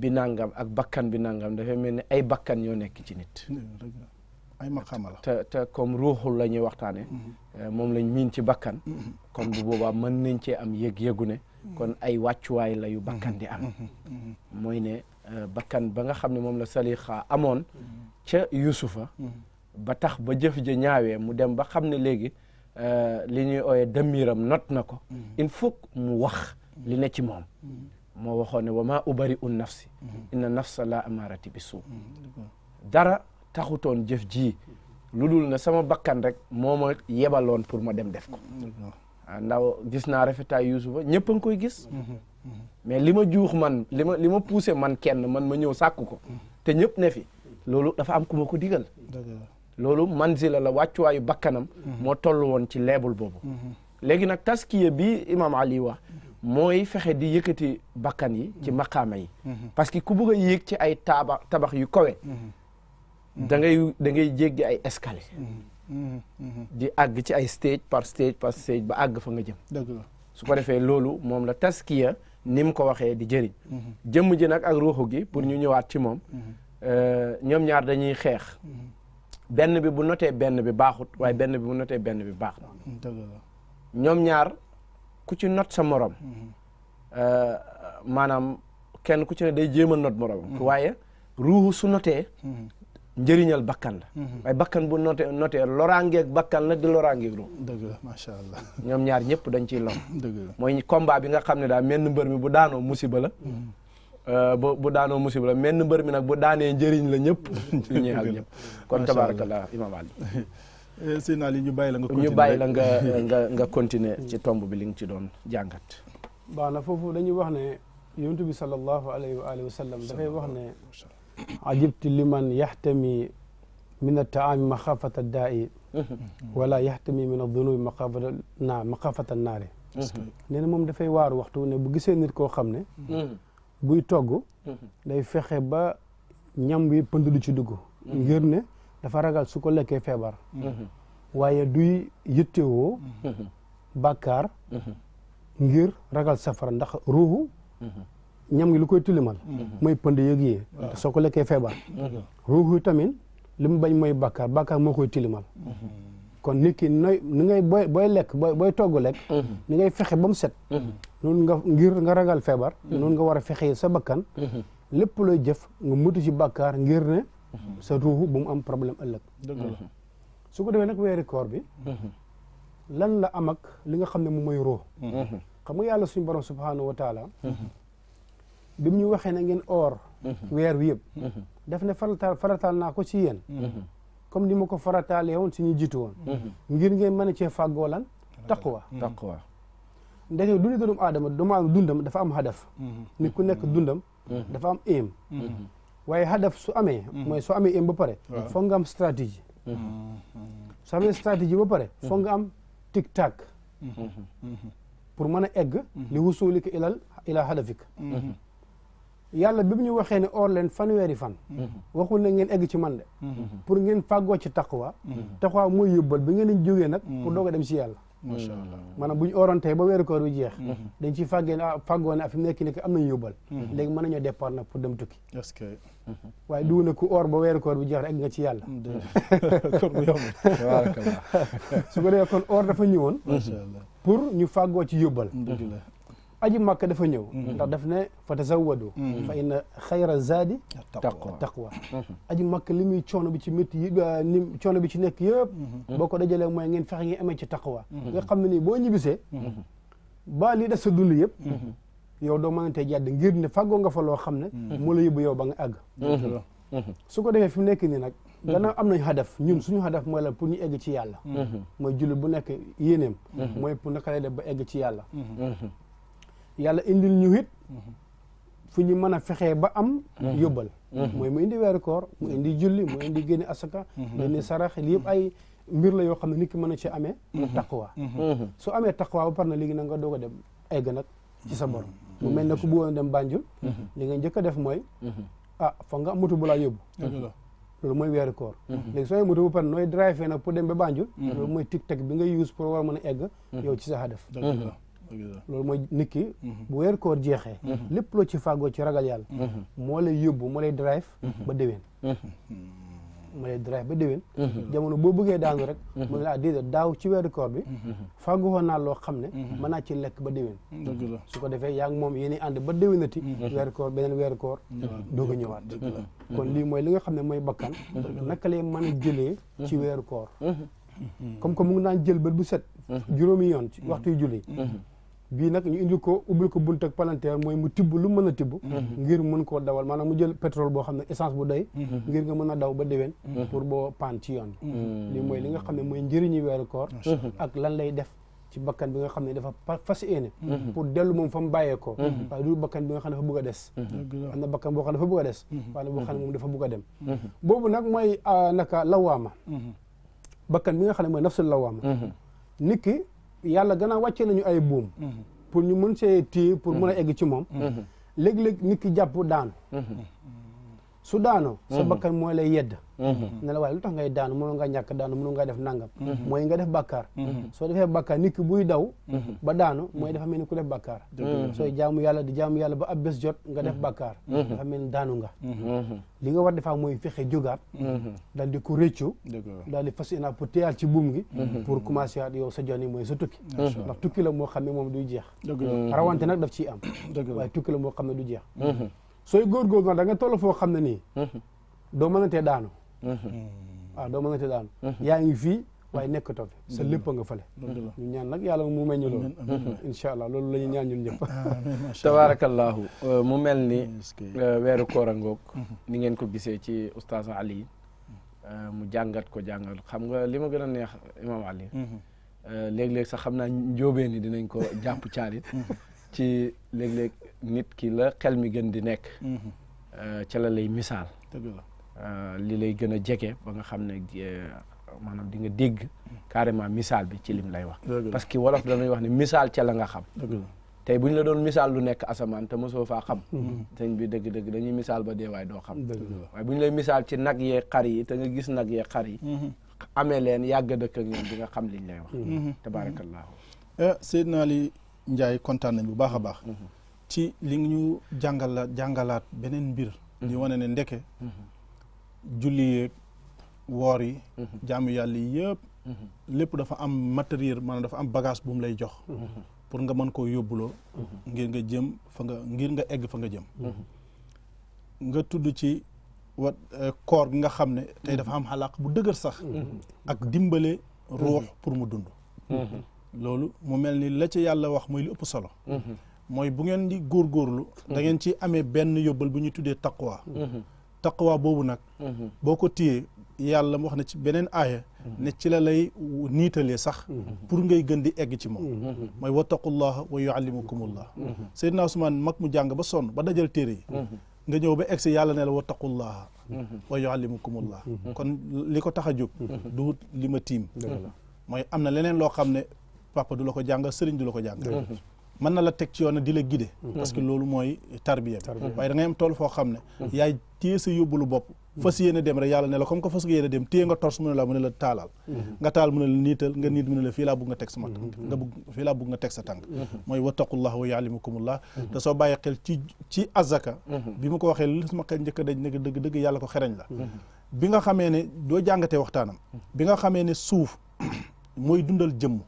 bi nangam ak bakkan bi nangam dafay mel ni ay bakkan yoo nekk ci nit ay te te ruuxul lañuy ñuy waxtaane mhm. euh, moom lañ miin ci bakkan mhm. comme bu boobaa mën nañ cee am yëg-yëgu kon ay wàccuwaay la yu bakkan di am mhm. mooy ne euh, bakkan ba nga xam ne moom la salixa amoon ca yusufa ba tax ba jëf ja ñaawee mu dem ba xam ne léegi euh, li ñuy ooyee damiram not na ko il faut mu wax li ne ci moom moo waxoon ne wa maa ubari un nafsi inna nafsa la amaarati bi suu dara taxutoon jëf ji lu dul na sama bakkan rek moo ma yebaloon pour ma dem def ko ah, gis naa rafetaay Yuusufa ñëpp a ngi koy gis mais li ma juux man li ma li ma poussé man kenn man ma ñëw sàkku ko te ñëpp ne fi loolu dafa am ku ma ko digal loolu man manzila la wàccuwaayu bakkanam mm-hmm. moo toll woon ci leebul boobu mm-hmm. léegi nag taskiya bi imaam Ali wax mooy fexe di yëkkati bakkan yi ci mm-hmm. maqaama yi mm-hmm. parce que ku bëgg a yéeg ci ay tabax tabax yu kawe mm-hmm. da ngay da ngay jéggi ay escalier di àgg ci ay stage par stage par stage ba àgg fa nga jëm su ko defee loolu moom la taskiya ni mu ko waxee di jëriñ jëmm ji nag ak ruuxu gi pour ñu ñëwaat ci moom euh, ñoom ñaar dañuy xeex benn bi bu notee benn bi baaxut waaye benn bi bu notee benn bi baax na ñoom ñaar ku ci not sa morom euh, maanaam kenn ku ci ne day jéem a not moroom mm-hmm. waaye ruuxu su notee mm-hmm. njëriñal bakkan la mm-hmm. bakkan bu note notee loraangeeg bakkan la di loraangeeg ruux dëgg macha allah ñoom ñaar ñëpp dañ ciy lom dëgg la mooy combat bi nga xam ne daal menn mbër mi bu daanoo musiba la euh, bu bu daanoo musiba la menn mbër mi nag bu daanee njëriñ la ñëpp kon tabarakallah imaam Ali Eh, seen ali ñu bàyyi la nga ñu bàyyi la nga nga nga continuer ci tomb bi li nga ci doon jàngat. baax na foofu dañuy wax ne yonent bi sallallahu alayhi dafay wax ne ajibti liman yaxtami min a maxaafata daa'i wala yaxtami min adunubi maxaafata naa maxaafata naari nee moom dafay waar waxtu ne bu gisee nit koo xam ne buy togg mhm. day fexe ba ñam wi pënd lu ci dugg ngir ne dafa ragal su ko lekkee feebar mhm. waaye duy yittewoo mhm. bàkkaar mhm. ngir ragal safara ndax ruuxu ñam ngi lu koy tilimal mooy pënd yëg yi soo ko lekkee feebar ruuxu tamit li mu bañ mooy bàkkaar bàkkaar moo koy tilimal kon nit nooy ngay booy booy lekk booy booy togg lekk ni ngay fexe ba mu set noonu nga ngir nga ragal feebar noonu nga war a fexe sa bakkan lépp looy jëf nga mutu ci bàkkaar ngir ne sa ruuxu bu mu am problème ëllëg su ko defee nag weeri koor bi lan la am ak li nga xam ne mu mooy ruux xam nga yàlla suñu borom subhaanahu wa taala bi mu ñu waxee na ngeen oor weer wi yëpp daf ne farataal farataal naa ko ci yéen comme ni ma ko farataalee woon si ñu jiitu woon ngir ngeen mën a cee fàggoo lan taqwa taqwa ndeke dundu doomu aadama doomu dundam dafa am hadaf mm-hmm. nit ku nekk dundam mm-hmm. dafa am aim mm-hmm. waaye hadaf su amee. Mm-hmm. mooy soo amee im ba pare. foog nga am stratégie. Mm-hmm. soo amee stratégie ba pare. Mm-hmm. foog nga am tik tac. pour mën a egg. li wusulika ilal ila hadafik. yàlla bi mu ñu waxee ne or leen weeri fan. waxul ne ngeen egg ci man de. pour ngeen fàggoo ci wa te taqwa. taqwa mooy yóbbal ba ngeen di jógee nag. pour doog a dem si yàlla. macha mm. allah maanaam bu ñu orontee ba weeru koor bi jeex mm-hmm. dañ ci fàggee ne ah, fàggoo ne fi mu nekk ni am nañu yóbbal mm-hmm. léegi mën nañoo départ nag pour dem tukki est-ce que mm-hmm. waaye du na ku or ba weeru koor bi jeex rek nga ci yàlla mm, kon bu su ko dee kon or dafa ñëwoon pour ñu fàggoo ci yóbbal aji màkk dafa ñëw mm-hmm. ndax daf ne fa tazawwadu mm-hmm. fa inna xayra zaadi taqwa mm-hmm. aji màkk li muy coono bi ci métti yi ni coono bi ci nekk yëpp boo ko dajalee mooy ngeen fexe ngi amee ci taqwa nga xam ne nii boo ñibbisee ba li des sa dund yëpp yow doo mënatee jàdd ngir ne fàggoo nga fa loo xam ne moo la yóbbu yow ba nga àgg su ko defee fi mu nekk nii nag gannaaw am nañu hadaf ñun suñu hadaf mooy la pour ñu egg ci yàlla mooy jullit bu nekk yéeneem mooy pour naka lay def ba egg ci yàlla yàlla indil ñu it mhm. fu ñu mën a fexee ba am mhm. yóbbal mhm. mooy mu indi weeru koor mu indi julli mu indi génne asaka mu indi sarax li yëpp ay mbir la yoo xam ne nit ki mën a ci amee taqwa su amee taqwa ba pare na léegi na nga doog a dem egg nag ci sa borom mu mel ne ku bëggoon dem Banjul li nga njëkk a def mooy a ah, fa nga moto bu laa yóbbu loolu mooy weeru koor léegi soo moto bu pare nooy drive nag pour dem ba Banjul loolu mooy tic tac bi nga use pour war a mën a egg yow ci loolu mooy nit ki bu weer jeexee lépp loo ci fàggoo ci ragal yàlla moo lay yóbbu moo lay drive ba déwén moo lay drive ba déwén jamono boo bëggee daanu rek mu la ah daaw ci weeru koor bi fàggu woon naa loo xam ne mën naa ci lekk ba déwén su ko defee yaa moom yéen ànd ba déwénati weeru koor beneen weeru koor doog a ñëwaat kon lii mooy li nga xam ne mooy bakkan naka lay man a jëlee ci weeru koor comme que mu ngi naan jël bët bu set juróomi yoon ci waxtu yu julli bii nag ñu indi ko ubbil ko bunt ak palanteer mooy mu tibb lu mën a tibb mhm. ngir mun koo dawal maanaam mu jël petrol boo xam ne essence bu doy mhm. ngir nga mën a daw ba déwén mhm. pour boo paan ci yoon li mooy li nga xam ne mooy njëriñu weeru koor ak lan lay def ci bakkan bi nga xam ne dafa fas yéene pour dellu moom fa mu bàyyeekoo waaye bakkan bi nga xam ne dafa bëgg a des am na bakkan boo xam ne dafa bëgg a des waaye boo xam ne moom dafa bëgg a dem boobu nag mooy ah, naka lawaama bakkan bi nga xam ne mooy nafsul lawaama nit ki yàlla gannaaw wàccee nañu ay buum mhm. pour ñu mën see téye pour mën a mhm. egg ci moom mhm. léeg-léeg nit ki jàpp daanu su daanoo sa mhm. bakkan mooy lay yedd mhm. ne la waaye lu tax ngay daanu mënoo nga ñàkk daanu mënoo nga def nangam mhm. mooy nga def bàkkaar soo defee bàkkaar nikk ki buy daw ba daanu mooy dafa mel ni ku def bàkkaar sooy jaamu yàlla di jaamu yàlla ba ab bés jot nga def bàkkaar dafa mel daanu nga li nga war defaa mooy fexe jógaat daal di ko réccu daal di fas yéene pour téyaat ci buum gi pour commencé waat yow sa jooni mooy sa tukki ndax tukki la moo xam ne moom du jeex rawante nag daf ciy am waaye tukki la moo xam ne du jeex sooy góorgóorlu nag da nga toll foo xam ne nii. Mhm. doo mënatee daanu. Mhm. Mm. doo mënatee daanu. Mhm. yaa ngi fii waaye nekkatoo fi sa lépp nga fële. ñu ñaan nag yàlla mu may ñu loolu. loolu la ñu ñaan ñun euh, mu mel ni mm, euh, weeru koor ngoog ni ngeen ko gisee ci oustaz Ali. Mm. Euh, mu jàngat ko jàngat xam nga li ma gën a neex imam Ali. léeg-léeg sax xam naa njóobeen ni dinañ ko jàpp caalit ci léeg-léeg nit ki la xel mi gën di nekk mhm. euh, ca la lay misaal dëgg la euh, li lay gën a jege ba nga xam ne euh, maanaam di nga dégg carrément misaal bi ci lim lay wax parce que wolof dañuy wax ne misaal ca la nga xam tey bu ñu la doon misaal lu nekk asamaan te mosoo faa xam mhm. sëñ bi dëgg-dëgg dañuy misaal ba dee waaye doo xam waaye bu ñu lay misaal ci nag yee xar yi te nga gis nag yee xar yi mhm. amee leen yàgg dëkk ak ñoom nga xam liñ lay wax tabaarakallaahu eh, Seydina Ali Ndiaye kontaan nañ bu baax a baax ci li ñu jàngala jàngalaat beneen mbir di mhm. wane ne ndeke mhm. julli yeeg woor yi mhm. jaamu yàlla yi yëpp lépp dafa am matériel maanaam dafa am bagage bu mu lay jox pour nga mën koo yóbbuloo ngir nga jëm fa nga ngir nga egg fa nga jëm nga tudd ci wa euh, koor gi nga xam ne tey dafa am xalaaq bu dëgër sax ak dimbale ruux pour mu dund loolu mu mel ni la ci yàlla wax mooy li ëpp solo mooy bu ngeen di góorgóorlu da ngeen ci amee benn yóbbal bu ñuy tuddee taqwa mhm. taqwa boobu nag mhm. boo ko téyee yàlla mu wax na ci beneen aaya mhm. ne ci la lay niitalee sax pour ngay gën di egg ci moom mooy wattaqullaha wa yuallimukumullah Seydina Ousmane mag mu jàng ba sonn ba dajal téere yi nga ñëw ba egsi yàlla ne la wattaqullaha wa yuallimukumullah kon li ko tax a jóg du li ma tiim mooy am na leneen loo xam ne papa du la ko jàngal sëriñ du la ko jàn man na la teg ci yoon di la guider. Mm. parce que loolu mooy tarbiya bi waaye da am tool foo xam ne mm. yaay téye sa yóbbulu bopp mm. fas yéene dem rek yàlla ne la comme que fas yéene dem téye nga tors mu ne la mu ne la taalal nga taal mu ne la niital nga niit mu ne la fii laa bëgg nga teg sama tànk nga bëgg fii laa bëgg nga teg sa tànk mooy wattaqullah wa te soo bàyyi xel ci ci bi mu ko waxee li sama xel njëkk dañ nekk dëgg dëgg yàlla ko xereñ la bi nga xamee ne doo jàngatee waxtaanam bi nga xamee ne suuf mooy dundal jëmm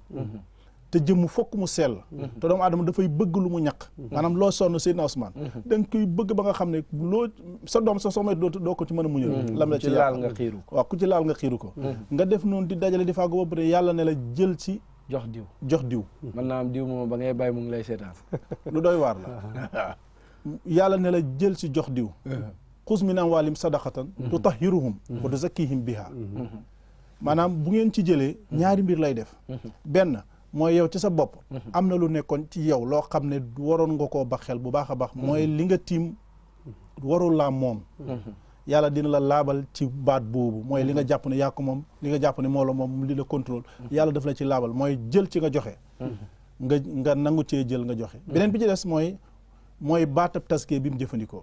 te jëmm fokk mu seel mhm. te doomu aadama dafay bëgg lu mu ñaq mhm. maanaam loo sonn Seydina Ousmane mhm. da nga koy bëgg ba nga xam ne loo sa doom sa soxmet doo doo ko ci mën a muñal lam la ci laal nga xiiru ko waaw ku ci laal nga xiiru ko nga def noonu di dajale di faago ba pare yàlla ne la jël si jox diw jox diw man naa am diw moom ba ngay bàyyi mu ngi lay seetaan lu doy waar la yàlla ne la jël si jox diw xus min amwaalim sadaqatan tutahhiruhum wa tuzakkihim biha maanaam bu ngeen ci jëlee ñaari mbir lay def benn mooy yow ci sa bopp mhm. am na lu nekkoon ci yow loo xam ne waroon nga koo ba xel bu baax a baax mhm. mooy li nga tiim warul laa moom mhm. yàlla dina la laabal ci baat boobu mooy li nga jàpp ne yaa moom li nga jàpp ne moo la moom li la contrôle yàlla daf la ci laabal mooy jël ci nga joxe nga nga nangu cee jël nga joxe beneen bi ci des mooy mooy baatab taskee bi mu jëfandikoo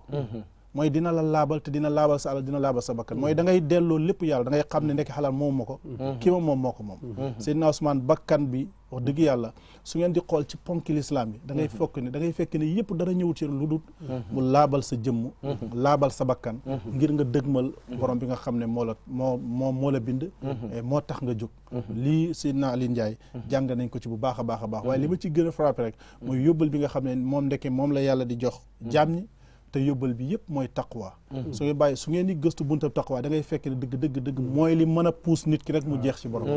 mooy dina la laabal te dina laabal sa alal dina laabal sa bakkan mooy mm-hmm. da ngay delloo lépp yàlla da xam ne mm-hmm. nekk xalaal moom ma ko mm-hmm. kii ma moom moo ko moom Seydina Ousmane bakkan bi wax dëgg yàlla su ngeen di xool ci ponki lislaam bi da ngay fokk ne da ngay fekk ne yëpp dara ñëwul ci lu dul laabal sa jëmm laabal sa bakkan ngir nga dëgmal borom bi nga xam ne moo la moo moo moo la bind eh, moo tax nga jóg lii Seydina Ali Ndiaye jàng nañ ko ci bu baax baax a baax li ma ci gën a frappé rek mooy yóbbal bi nga xam ne moom ndeke moom la yàlla di jox jaam ñi te yóbbal bi yep moy taqwa su ngeen baye su ngeen ni geustu buntab taqwa da ngay fekk ne deug deug dëgg mooy li meuna pousse nit ki rek mu jeex ci borom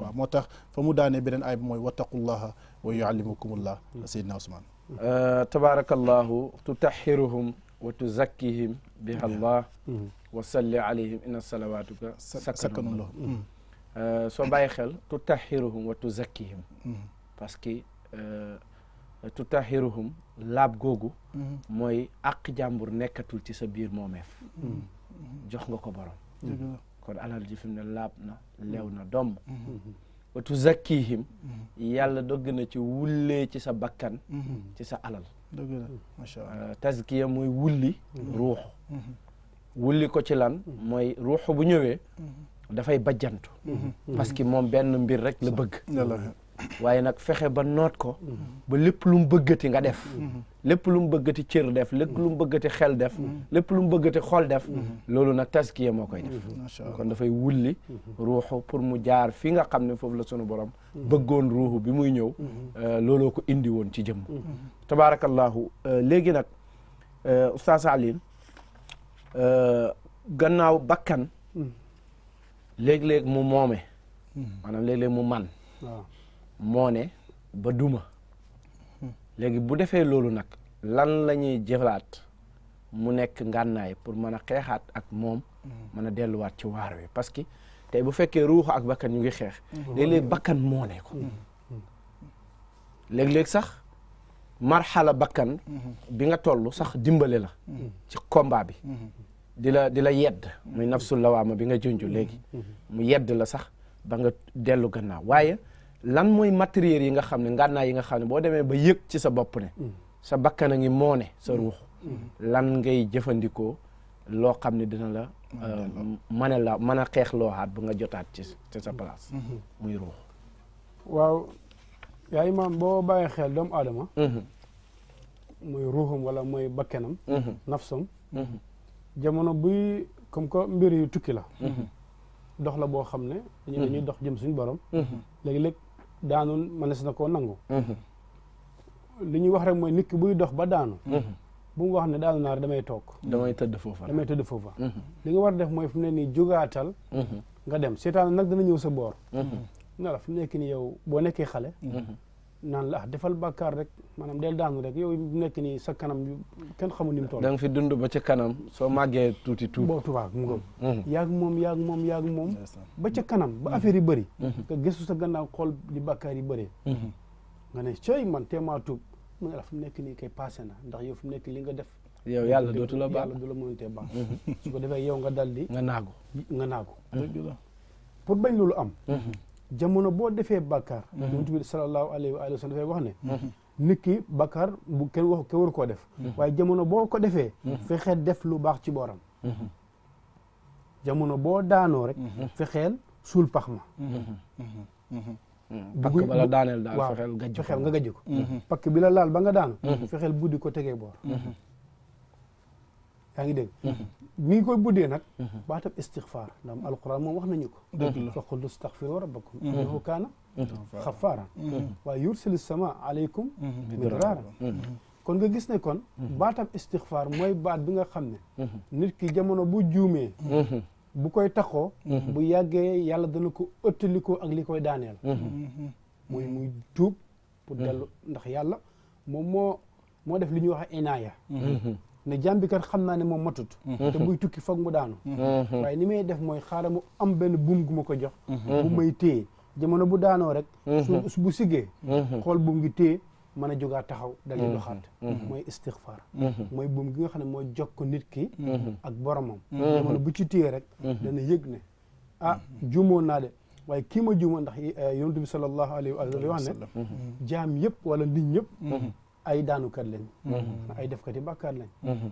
wa motax tax fa mu daanee beneen ayib mooy wattaqullaha wa yuallimukumullah sayyidina usman tabaarakallahu tutahhiruhum wa tuzakkihim biha allah wa salli alayhim inna salawatuka sakanun lahum so baye xel tutahhiruhum wa tuzakkihim parce que tutahiruhum laab googu mhm. mooy àq jàmbur nekkatul ci sa biir moomeef mhm. jox nga ko borom kon alal ji fi mu ne laab na leew na mhm. domm wa tuzakkihim yàlla dogg na ci wullee ci sa bakkan ci sa alal dëgg euh, mooy wulli ruux wulli ko ci lan mooy ruux bu ñëwee dafay bajjantu parce que moom benn mbir rek la bëgg waaye nag fexe ba noot ko ba lépp lu mu bëggati nga def lépp lu mu bëggati cër def lépp lu mu bëggati xel def lépp lu mu bëggati xol def loolu nag taskiya moo koy def kon dafay wulli ruuxu pour mu jaar fii nga xam ne foofu la sunu borom bëggoon ruuxu bi muy ñëw euh, looloo ko indi woon ci jëmm tabaarakallahu euh, léegi nag euh, Oustaz Alioune gannaaw bakkan léeg-léeg mu moome maanaam léeg-léeg mu man moone ba duma léegi bu defé loolu nak lan lañuy jëflat mu nek ngannaay pour mëna xéxat ak mom mëna déllu wat ci war wi parce que tay bu féké ruuh ak bakkan ñu ngi xéx lé lé bakkan moone ko léeg-léeg sax marhala bakkan bi nga tollu sax dimbalé la ci combat bi dila dila yedd muy nafsul lawama bi nga mu yedd la sax ba nga déllu gannaaw waye lan moy matériel yi nga xamné ne yi nga xamné bo démé ba yëg ci sa bop né mm. sa bakkan ngi moné sa mm. ruh mm. lan ngay jëfëndiko lo xamné dina la mané euh, a la mën a lo haat bu nga jotaat ci ci sa place mm-hmm. muy ruh waaw ya imam bo baye xel doomu aadama mm-hmm. muy ruhum wala mooy bakkenam mm-hmm. nafsum jamono bu comme ko mbir yu tukki la dox la bo xamné ñi dañuy dox jëm suñu borom légui légui daanoon mënees na koo nangu mhm. li ñuy wax rek mooy nikk buy dox ba daanu mhm. bu mu wax ne daanu naar damay toog damay tëdd foofa damay tëdd foofa mhm. li nga war def mooy fu mu ne nii jugaatal nga dem seetaan nag dana ñëw sa boor na fu mu nekk nii boo nekkee xale naan la ah defal bàkkaar rek maanaam del daanu rek yow nekk nii sa kanam yu kenn xamul ni mu fi dund ba ca kanam soo màggee tuuti tuuti. boo tubaab mu ngoog. Mhm. yaag moom yaag moom yaag ba ca kanam ba affaire yi bëri. Mhm. nga gëstu sa gannaaw xool li bàkkaar yi bëree. Mhm. nga ne cey man teemaa tuub mu ne la fi mu nekk nii kay passé na ndax yow fi mu nekk li nga def. yow yàlla dootu la baal yàlla du la mënatee baal. su ko defee yow nga dal di. nga naagu nga naagu. pour bañ loolu am. jamono bo defé bakkar yonent bi sallallahu alayhi wa sallam fay wax ne nit ki bu ken wax ke war ko def waye jamono boo ko defee fexeel def lu bax ci boram jamono bo daano rek fexeel suul pax ma pakk ba la daaneel daal fexeel nga gajj ko pakk bi la laal ba nga daanu fexeel buddi ko tege bor yaa ngi dégg mi mhm. ngi koy buddee nag mhm. baatab istixfaar ndax alquran moom wax nañu ko faqul istaxfiru rabbakum mhm. innahu kaana xafaaran waaye yursil sama aleykum midraaran kon nga gis ne kon baatab istixfaar mooy baat bi nga xam ne nit ki jamono bu juumee bu koy taxoo bu yàggee yàlla dana ko ëttalikoo ak li koy daaneel muy tuub pour dellu ndax yàlla moom moo moo def li ñuy wax inaaya ne jàmbi kat xam naa ne moom matut mm-hmm. te buy tukki foog mu daanu mm-hmm. waaye ni may def mooy xaaral mu am benn buum gu ma ko jox mm-hmm. bu may téye jamono bu daanoo rek su bu siggee xool buum ngi téye mën a jógaa taxaw dal di doxaat mooy istixfaar mooy buum gi nga xam ne moo jox ko nit ki ak boromam jamono bu ci téye rek dana yëg ne ah juumoon naa de waaye kii ma juumoon ndax eh, yonent bi sallallahu alayhi wa wax ne jaam yëpp wala nit ñëpp ay daanukat lañ mhm. ay defkati bàkkaar lañ mhm.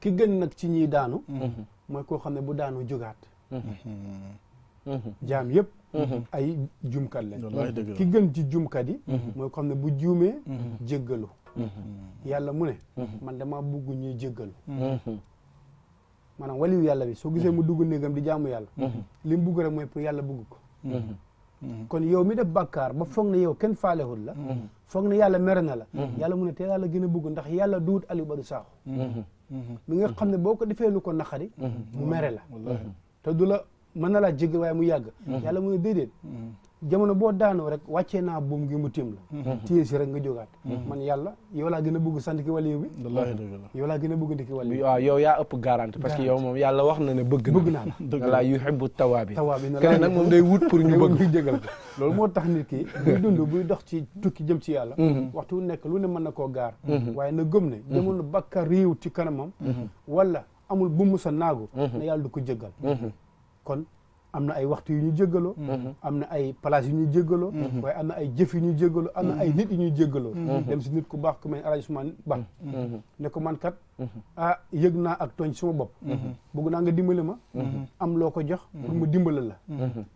ki gën nag ci ñiy daanu mhm. mooy koo xam ne bu daanu jógaat jaam yëpp ay jumkat lañ ki gën ci jumkat yi mooy ko xam ne bu juumee jéggalu yàlla mu ne man dama bugg ñuy jéggalu maanaam waliyu yàlla bi soo gisee mu dugg néegam di jaamu yàlla li bugg rek mooy pour yàlla bugg kon yow mi def bàkkaar ba foog ne yow kenn faalewul la mm-hmm. foog ne yàlla mere na la mm-hmm. yàlla mu ne te yàlla gën a bëgg ndax yàlla duut Aliou Badou Sakho mm-hmm. mi nga xam ne boo ko defee lu ko naqari mu mere la te du la mën na laa jéggal waaye mu yàgg yàlla mu ne déedéet jamono boo daanoo rek wàccee naa buum gi mu tiim la mhm. téye si rek nga jógaat mhm. man yàlla yow laa gën a bëgg sant ki wàll yow bi wallaahi dëgg la yow laa gën a bëgg ah, yaa ëpp garanti parce que yow moom yàlla wax na ne bëgg bëgg naa la walla yuhibbu tawaabi tawaabi keneen nag moom day wut pour ñu bëgg loolu moo tax nit ki buy dund buy dox ci tukki jam ci yàlla mhm. waxtu wu nekk lu ne man na koo gaar waaye na gëm ne jamono bakka réew ci kanamam wala amul bu musa naagu na yàlla du ko jëggal kon am na ay waxtu yu ñu jéggaloo mm-hmm. Mm-hmm. am na ay place yu ñu jéggaloo mm-hmm. waaye am na ay jëf yu ñu jéggaloo am na ay nit yu ñu jéggaloo dem si nit ku baax ku mel ne Alaaji Usmaan Ba ne ko man kat ah yëg naa ak tooñ suma bopp bëgg naa nga dimbale ma am loo ko jox pour mu dimbale la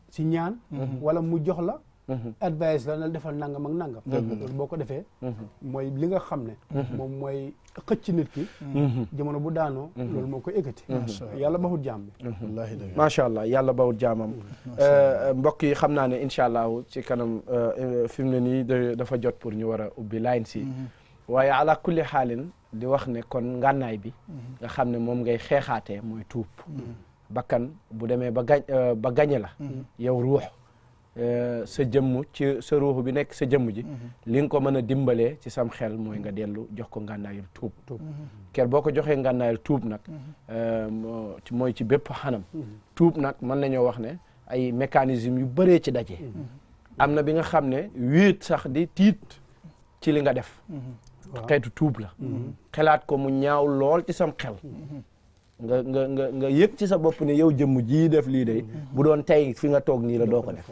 si ñaan wala mu jox la Mm-hmm. advice la na defal nangam ak nangam mm-hmm. loolu boo ko defee mm-hmm. mooy li nga xam ne moom mooy xëcc nit ki jamono bu daano loolu moo ko ekkati yàlla baxut jaam bi macha allah yàlla baxut jaamam euh, mbokk yi xam naa ne incha allahu ci kanam euh, euh, fi mu ne nii dafa jot pour ñu war a ubbi line si waaye ala kulli xaalin di wax ne kon ngànnaay bi nga xam ne moom ngay xeexaate mooy tuub bakkan bu demee ba gañ ba gañe la yow ruux Euh, sa jëmm ci sa ruux bi nekk sa jëmm ji mhm. li nga ko mën a dimbalee ci sam xel mooy nga dellu jox ko ngànnaayul tuub mhm. ker boo ko joxee ngànnaayul tuub nag mhm. euh, mooy ci bépp xanam tuub nag mën nañoo wax ne ay mécanisme yu bëree ci daje am na bi nga xam ne wéet sax di tiit ci li nga def xeetu tuub la xelaat ko mu ñaaw lool ci sam xel nga nga nga nga yëg ci sa bopp ne yow jëmm jii def lii day mhm. bu doon tey fi nga toog nii la mhm. doo ko def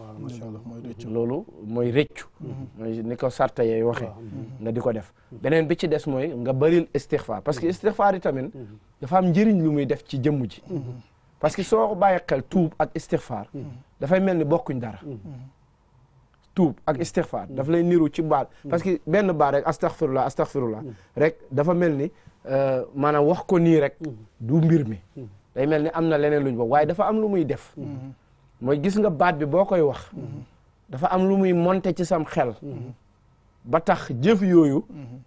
loolu mooy rëccu mhm. mooy ni ko sarta yey waxee nga di ko def beneen bi ci des mooy nga bëril istixfaar parce que istixfaar yi tamit dafa am njëriñ lu muy def ci jëmm ji parce que soo bàyyi xel tuub ak istixfaar dafay mel ni bokkuñ dara tuub ak istixfaar daf lay niru ci baat parce que benn baat rek astaxfirullah astaxfirullah rek dafa mel ni Euh, maanaam wax ko nii rek du mbir mi day mel ni am na leneen luñ wax waaye dafa am lu muy def mooy gis nga baat bi boo koy wax dafa am lu muy monte ci sam xel ba tax jëf yooyu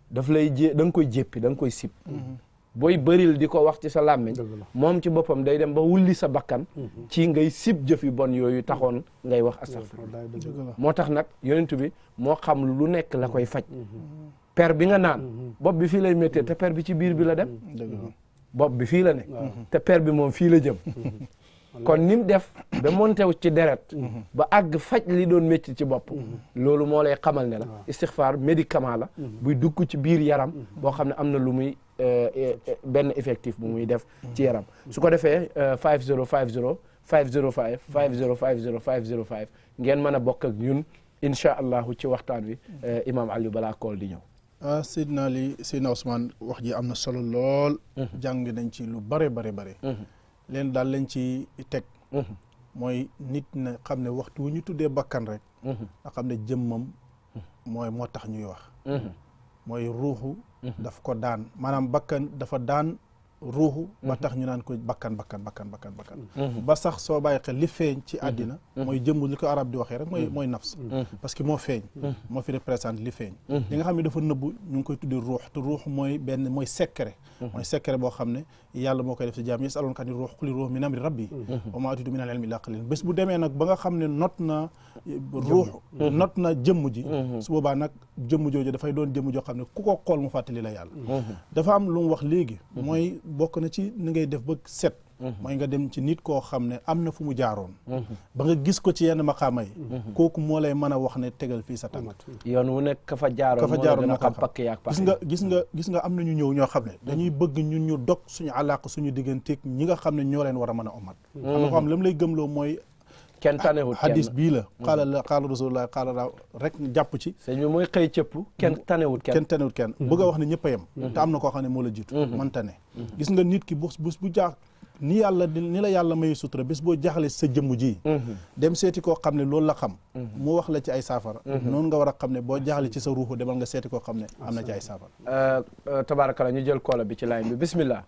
daf lay jé da koy jéppi da koy sib booy bëril di ko wax ci sa làmmiñ moom ci boppam day dem ba wulli sa bakkan ci ngay sib jëf yu bon yooyu taxoon ngay wax astaghfirullah moo tax nag yonent bi moo xam lu nekk la koy faj per bi nga naan mhm. bopp bi fii lay méttee te bi ci biir bi la dem mhm. bopp bi fii la ne te per bi moom fii la jëm mhm. kon ni def ba monté ci deret ba àgg faj li doon métti ci bopp loolu moo lay xamal ne la istixfaar médicament la buy dugg ci biir yaram boo xam ne am na lu muy euh, euh, euh, benn effectif bu muy def ci yaram su ko defee 5050 505 5050 505 ngeen mën a bokk ñun incha allah ci waxtaan wi imam Aliou balaa kool di ñëw ah Seydina Ali Seydina Ousmane wax ji am na solo lool. Mhm. jàng nañ ci lu bare bare bare. Mhm. leen daal lañ ci teg. Mhm. mooy nit na xam ne waxtu wu ñu tuddee bakkan rek. nga xam ne jëmmam. mooy moo tax ñuy wax. mooy ruuxu. daf ko daan maanaam bakkan dafa daan ruhu ba tax ñu naan ko bakkan bakkan bakkan bakkan bakkan ba sax soo bàyyi xel li feeñ ci àddina mooy jëmm li ko arab di waxee rek mooy mooy nafs parce que moo feeñ moo fi représente li feeñ li nga xam ne dafa nëbb ñu ngi koy tuddi ruux te ruux mooy benn mooy secret mooy secret boo xam ne yàlla moo koy def si jaam yasalunaka ani ruux quli ruux min amri rabbi wa ma utiitu min al ilmi illa bés bu demee nag ba nga xam ne not na ruux not na jëmm ji su boobaa nag jëmm jooju dafay doon jëmm joo xam ne ku ko xool mu fàttali la yàlla dafa am lu mu wax léegi mooy bokk na ci ni ngay def ba set mhm. mooy nga dem ci nit koo xam ne am na fu mu jaaroon mhm. ba nga gis ko ci yenn maqaama yi mhm. kooku moo lay mën a wax ne tegal fii sa tànk yoon wu nekk ka fa jaaroon ka fa jaaroon moo xam pakk yaak gis nga gis nga gis nga am na ñu ñëw ñoo xam ne dañuy bëgg ñun ñu dog suñu àlaaq suñu digganteeg ñi nga xam ne ñoo leen war a mën a omat xam ko am lam lay gëmloo mooy kenn tanewut kenn hadis bii la qaala la qaala rasulullah qaala la rek jàpp ci sëñ bi mooy xëy cëpp kenn tanewut kenn kenn tanewut kenn bëgg a wax na ñëpp a yem mhm. am na koo xam ne moo la jiitu man mhm. tane mhm. gis nga nit ki bu bus bu jaax ni yàlla ni la yàlla may sutura bis boo jaaxle sa jëmm ji dem seeti koo xam ne loolu la xam mu wax la ci ay saafara noonu nga war a xam ne boo jaaxle ci sa ruuxu demal nga seeti koo xam ne am na ci ay saafara euh, euh, tabaarakala ñu jël koola bi ci line bi bismillah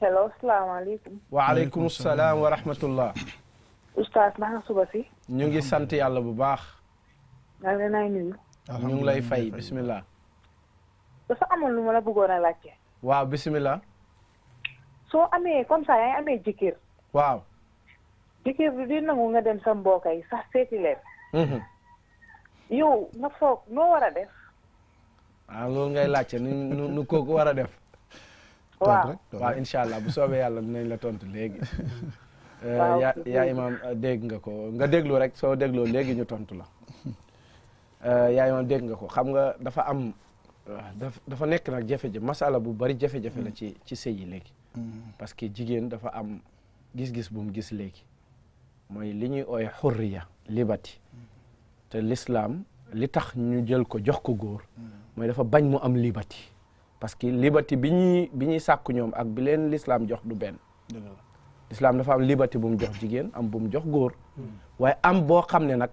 hello salaamaaleykum waaleykum salaam wa rahmatullah oustaz naka suba si. ñu ngi sant yàlla bu baax. maa ngi leen nuyu. ñu lay fay bisimilah. dafa amoon lu ma la bëggoon a laajte. waaw bisimilah. soo amee comme ça yaa ngi amee jëkkër. waaw. jëkkër bi di nangu nga dem sa mbokk yi sax seeti mhm. yow nga foog noo war a def. ah loolu ngay laajte nu nu nu kooku war a def. waaw waaw bu soobee yàlla dinañ la tontu léegi. Euh, yaa yaa imaam euh, dégg nga ko nga déglu rek soo dégloo léegi ñu tontu la euh, yaa imaam dégg nga ko xam nga dafa am dafa nekk nag jafe ja masala bu bari jafe-jafe la mm. ci ci sëy yi léegi mm. parce que jigéen dafa am gis-gis bu mu gis léegi mooy li ñuy ooy xurriya liberté mm. te lislaam li tax ñu jël ko jox ko góor mooy dafa bañ mu am liberté parce que liberté bi ñuy bi ñuy sàkku ñoom ak bi leen lislaam jox du benn lislaam dafa am liberté bu mu jox jigéen am bu mu jox góor hmm. waaye am boo xam ne nag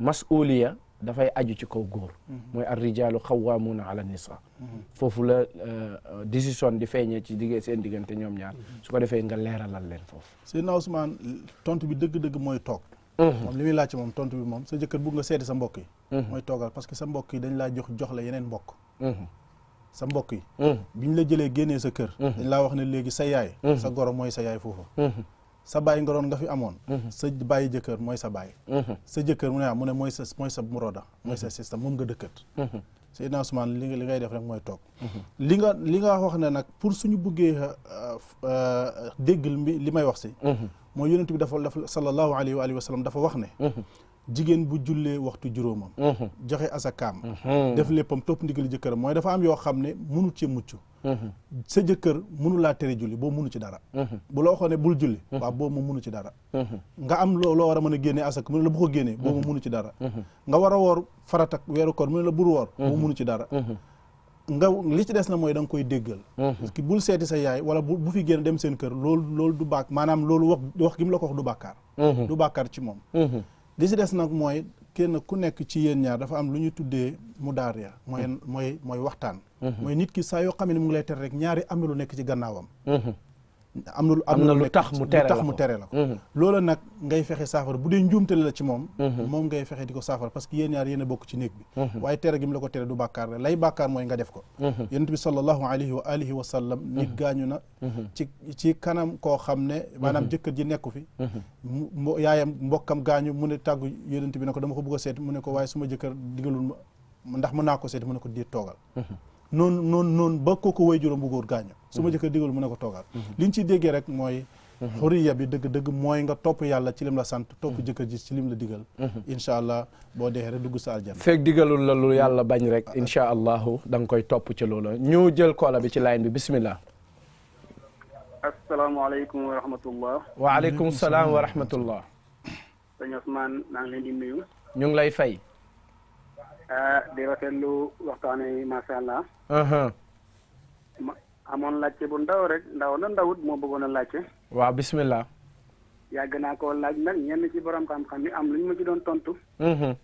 masuliya dafay aju ci kaw góor hmm. mooy ar rijalu xawaamuuna ala nisa hmm. foofu la euh, décision di feeñee ci diggee seen diggante ñoom ñaar su ko defee nga leeralal leen foofu Seydina Ousmane tontu bi dëgg-dëgg mooy toog moom li muy laaj moom tontu bi moom sa jëkkër bugg nga seeti sa mbokk yi mooy toogal parce que sa mbokk yi dañ laa jox jox la yeneen mbokk sa mbokk yi mm. bi ñu la jëlee génnee sa kër mm-hmm. dañ laa wax ne léegi sa yaay mm-hmm. sa goro mooy sa yaay foofu mm-hmm. sa baay nga doon nga fi amoon sa bàyyi jëkkër mooy sa baay sa jëkkër mu ne ah, mu ne mooy sa mooy sa muroda mooy sa système moom nga dëkkat Seydina Ousmane li li ngay def rek mooy toog li nga li nga wax ne nag pour suñu buggee euh, euh, déggal mi li may wax si mooy yonent bi dafa dafa sallallahu alayhi wa sallam dafa wax ne jigéen bu jullee waxtu juróomam mhm. joxe asakaam mhm. def léppam topp ndigal jëkkëram mooy dafa am yoo xam ne mënu ci mucc mhm. sa jëkkër mënu laa tere julli boo mënu ci dara bu la waxoon ne bul julli waaw boobu ci dara nga am loo loo war a a génnee asaka mu ne la bu ko génnee boobu mënu ci dara nga war a woor faratak weeru koor mu ne la bul woor boobu mënu ci dara nga li ci des na mooy da nga koy déggal parce que bul seeti sa yaay wala bu fi génn dem seen kër loolu loolu du bàkk maanaam loolu wax wax gi mu la ko wax du bàkkaar du bàkkaar ci moom li si des nag mooy kenn ku nekk ci yéen ñaar dafa am lu ñu tuddee mu daariya mooy mm-hmm. mooy mooy waxtaan mm-hmm. mooy nit ki saa yoo xam ne mu ngi lay tere rek ñaari am na lu nekk ci gannaawam mm-hmm. am na lu tax mu tere la ko tax mu mhm. tere la ko loola nag ngay fexe saafara bu dee njuumtale la ci moom mhm. moom ngay fexe di ko saafara parce que yéen ñaar yéen bokk ci néeg bi mhm. waaye tere gi mu la ko tere du bàkkaar la lay bàkkaar mooy nga def ko yonent bi na ci ci kanam koo xam ne maanaam jëkkër ji nekku fi yaayam mbokkam gaañu mu ne tàggu yonent bi ne ko dama ko bugg a seet mu ne ko waaye suma jëkkër digalul ma ndax mën naa ko seet mu ne ko di toogal noonu noonu noonu ba kooku way juróom bu góor gaañu su ma mhm. jëkkër digal mu ne ko toogaat mhm. liñ ci déggee rek mooy mhm. xuriya bi dëgg-dëgg mooy nga topp yàlla ci lim la sant topp jëkkër ji ci lim la digal incha allah boo dee dugg sa aljana feeg digalul la lu yàlla bañ rek incha allahu da koy topp ci loolu ñu jël koola bi ci line bi bismillah asalaamaaleykum wa rahmatullah waaleykum salaam wa rahmatullah sëñ leen di nuyu ñu ngi lay fay Ah, di rafetlu waxtaan yi macha allah. ma amoon laajte bu ndaw rek ndaw la ndawut moo bëggoon a laajte. waaw bismillah. yàgg naa ko laaj nag ñenn ci borom xam-xam yi am lu ñu ma ci doon tontu. Mhm.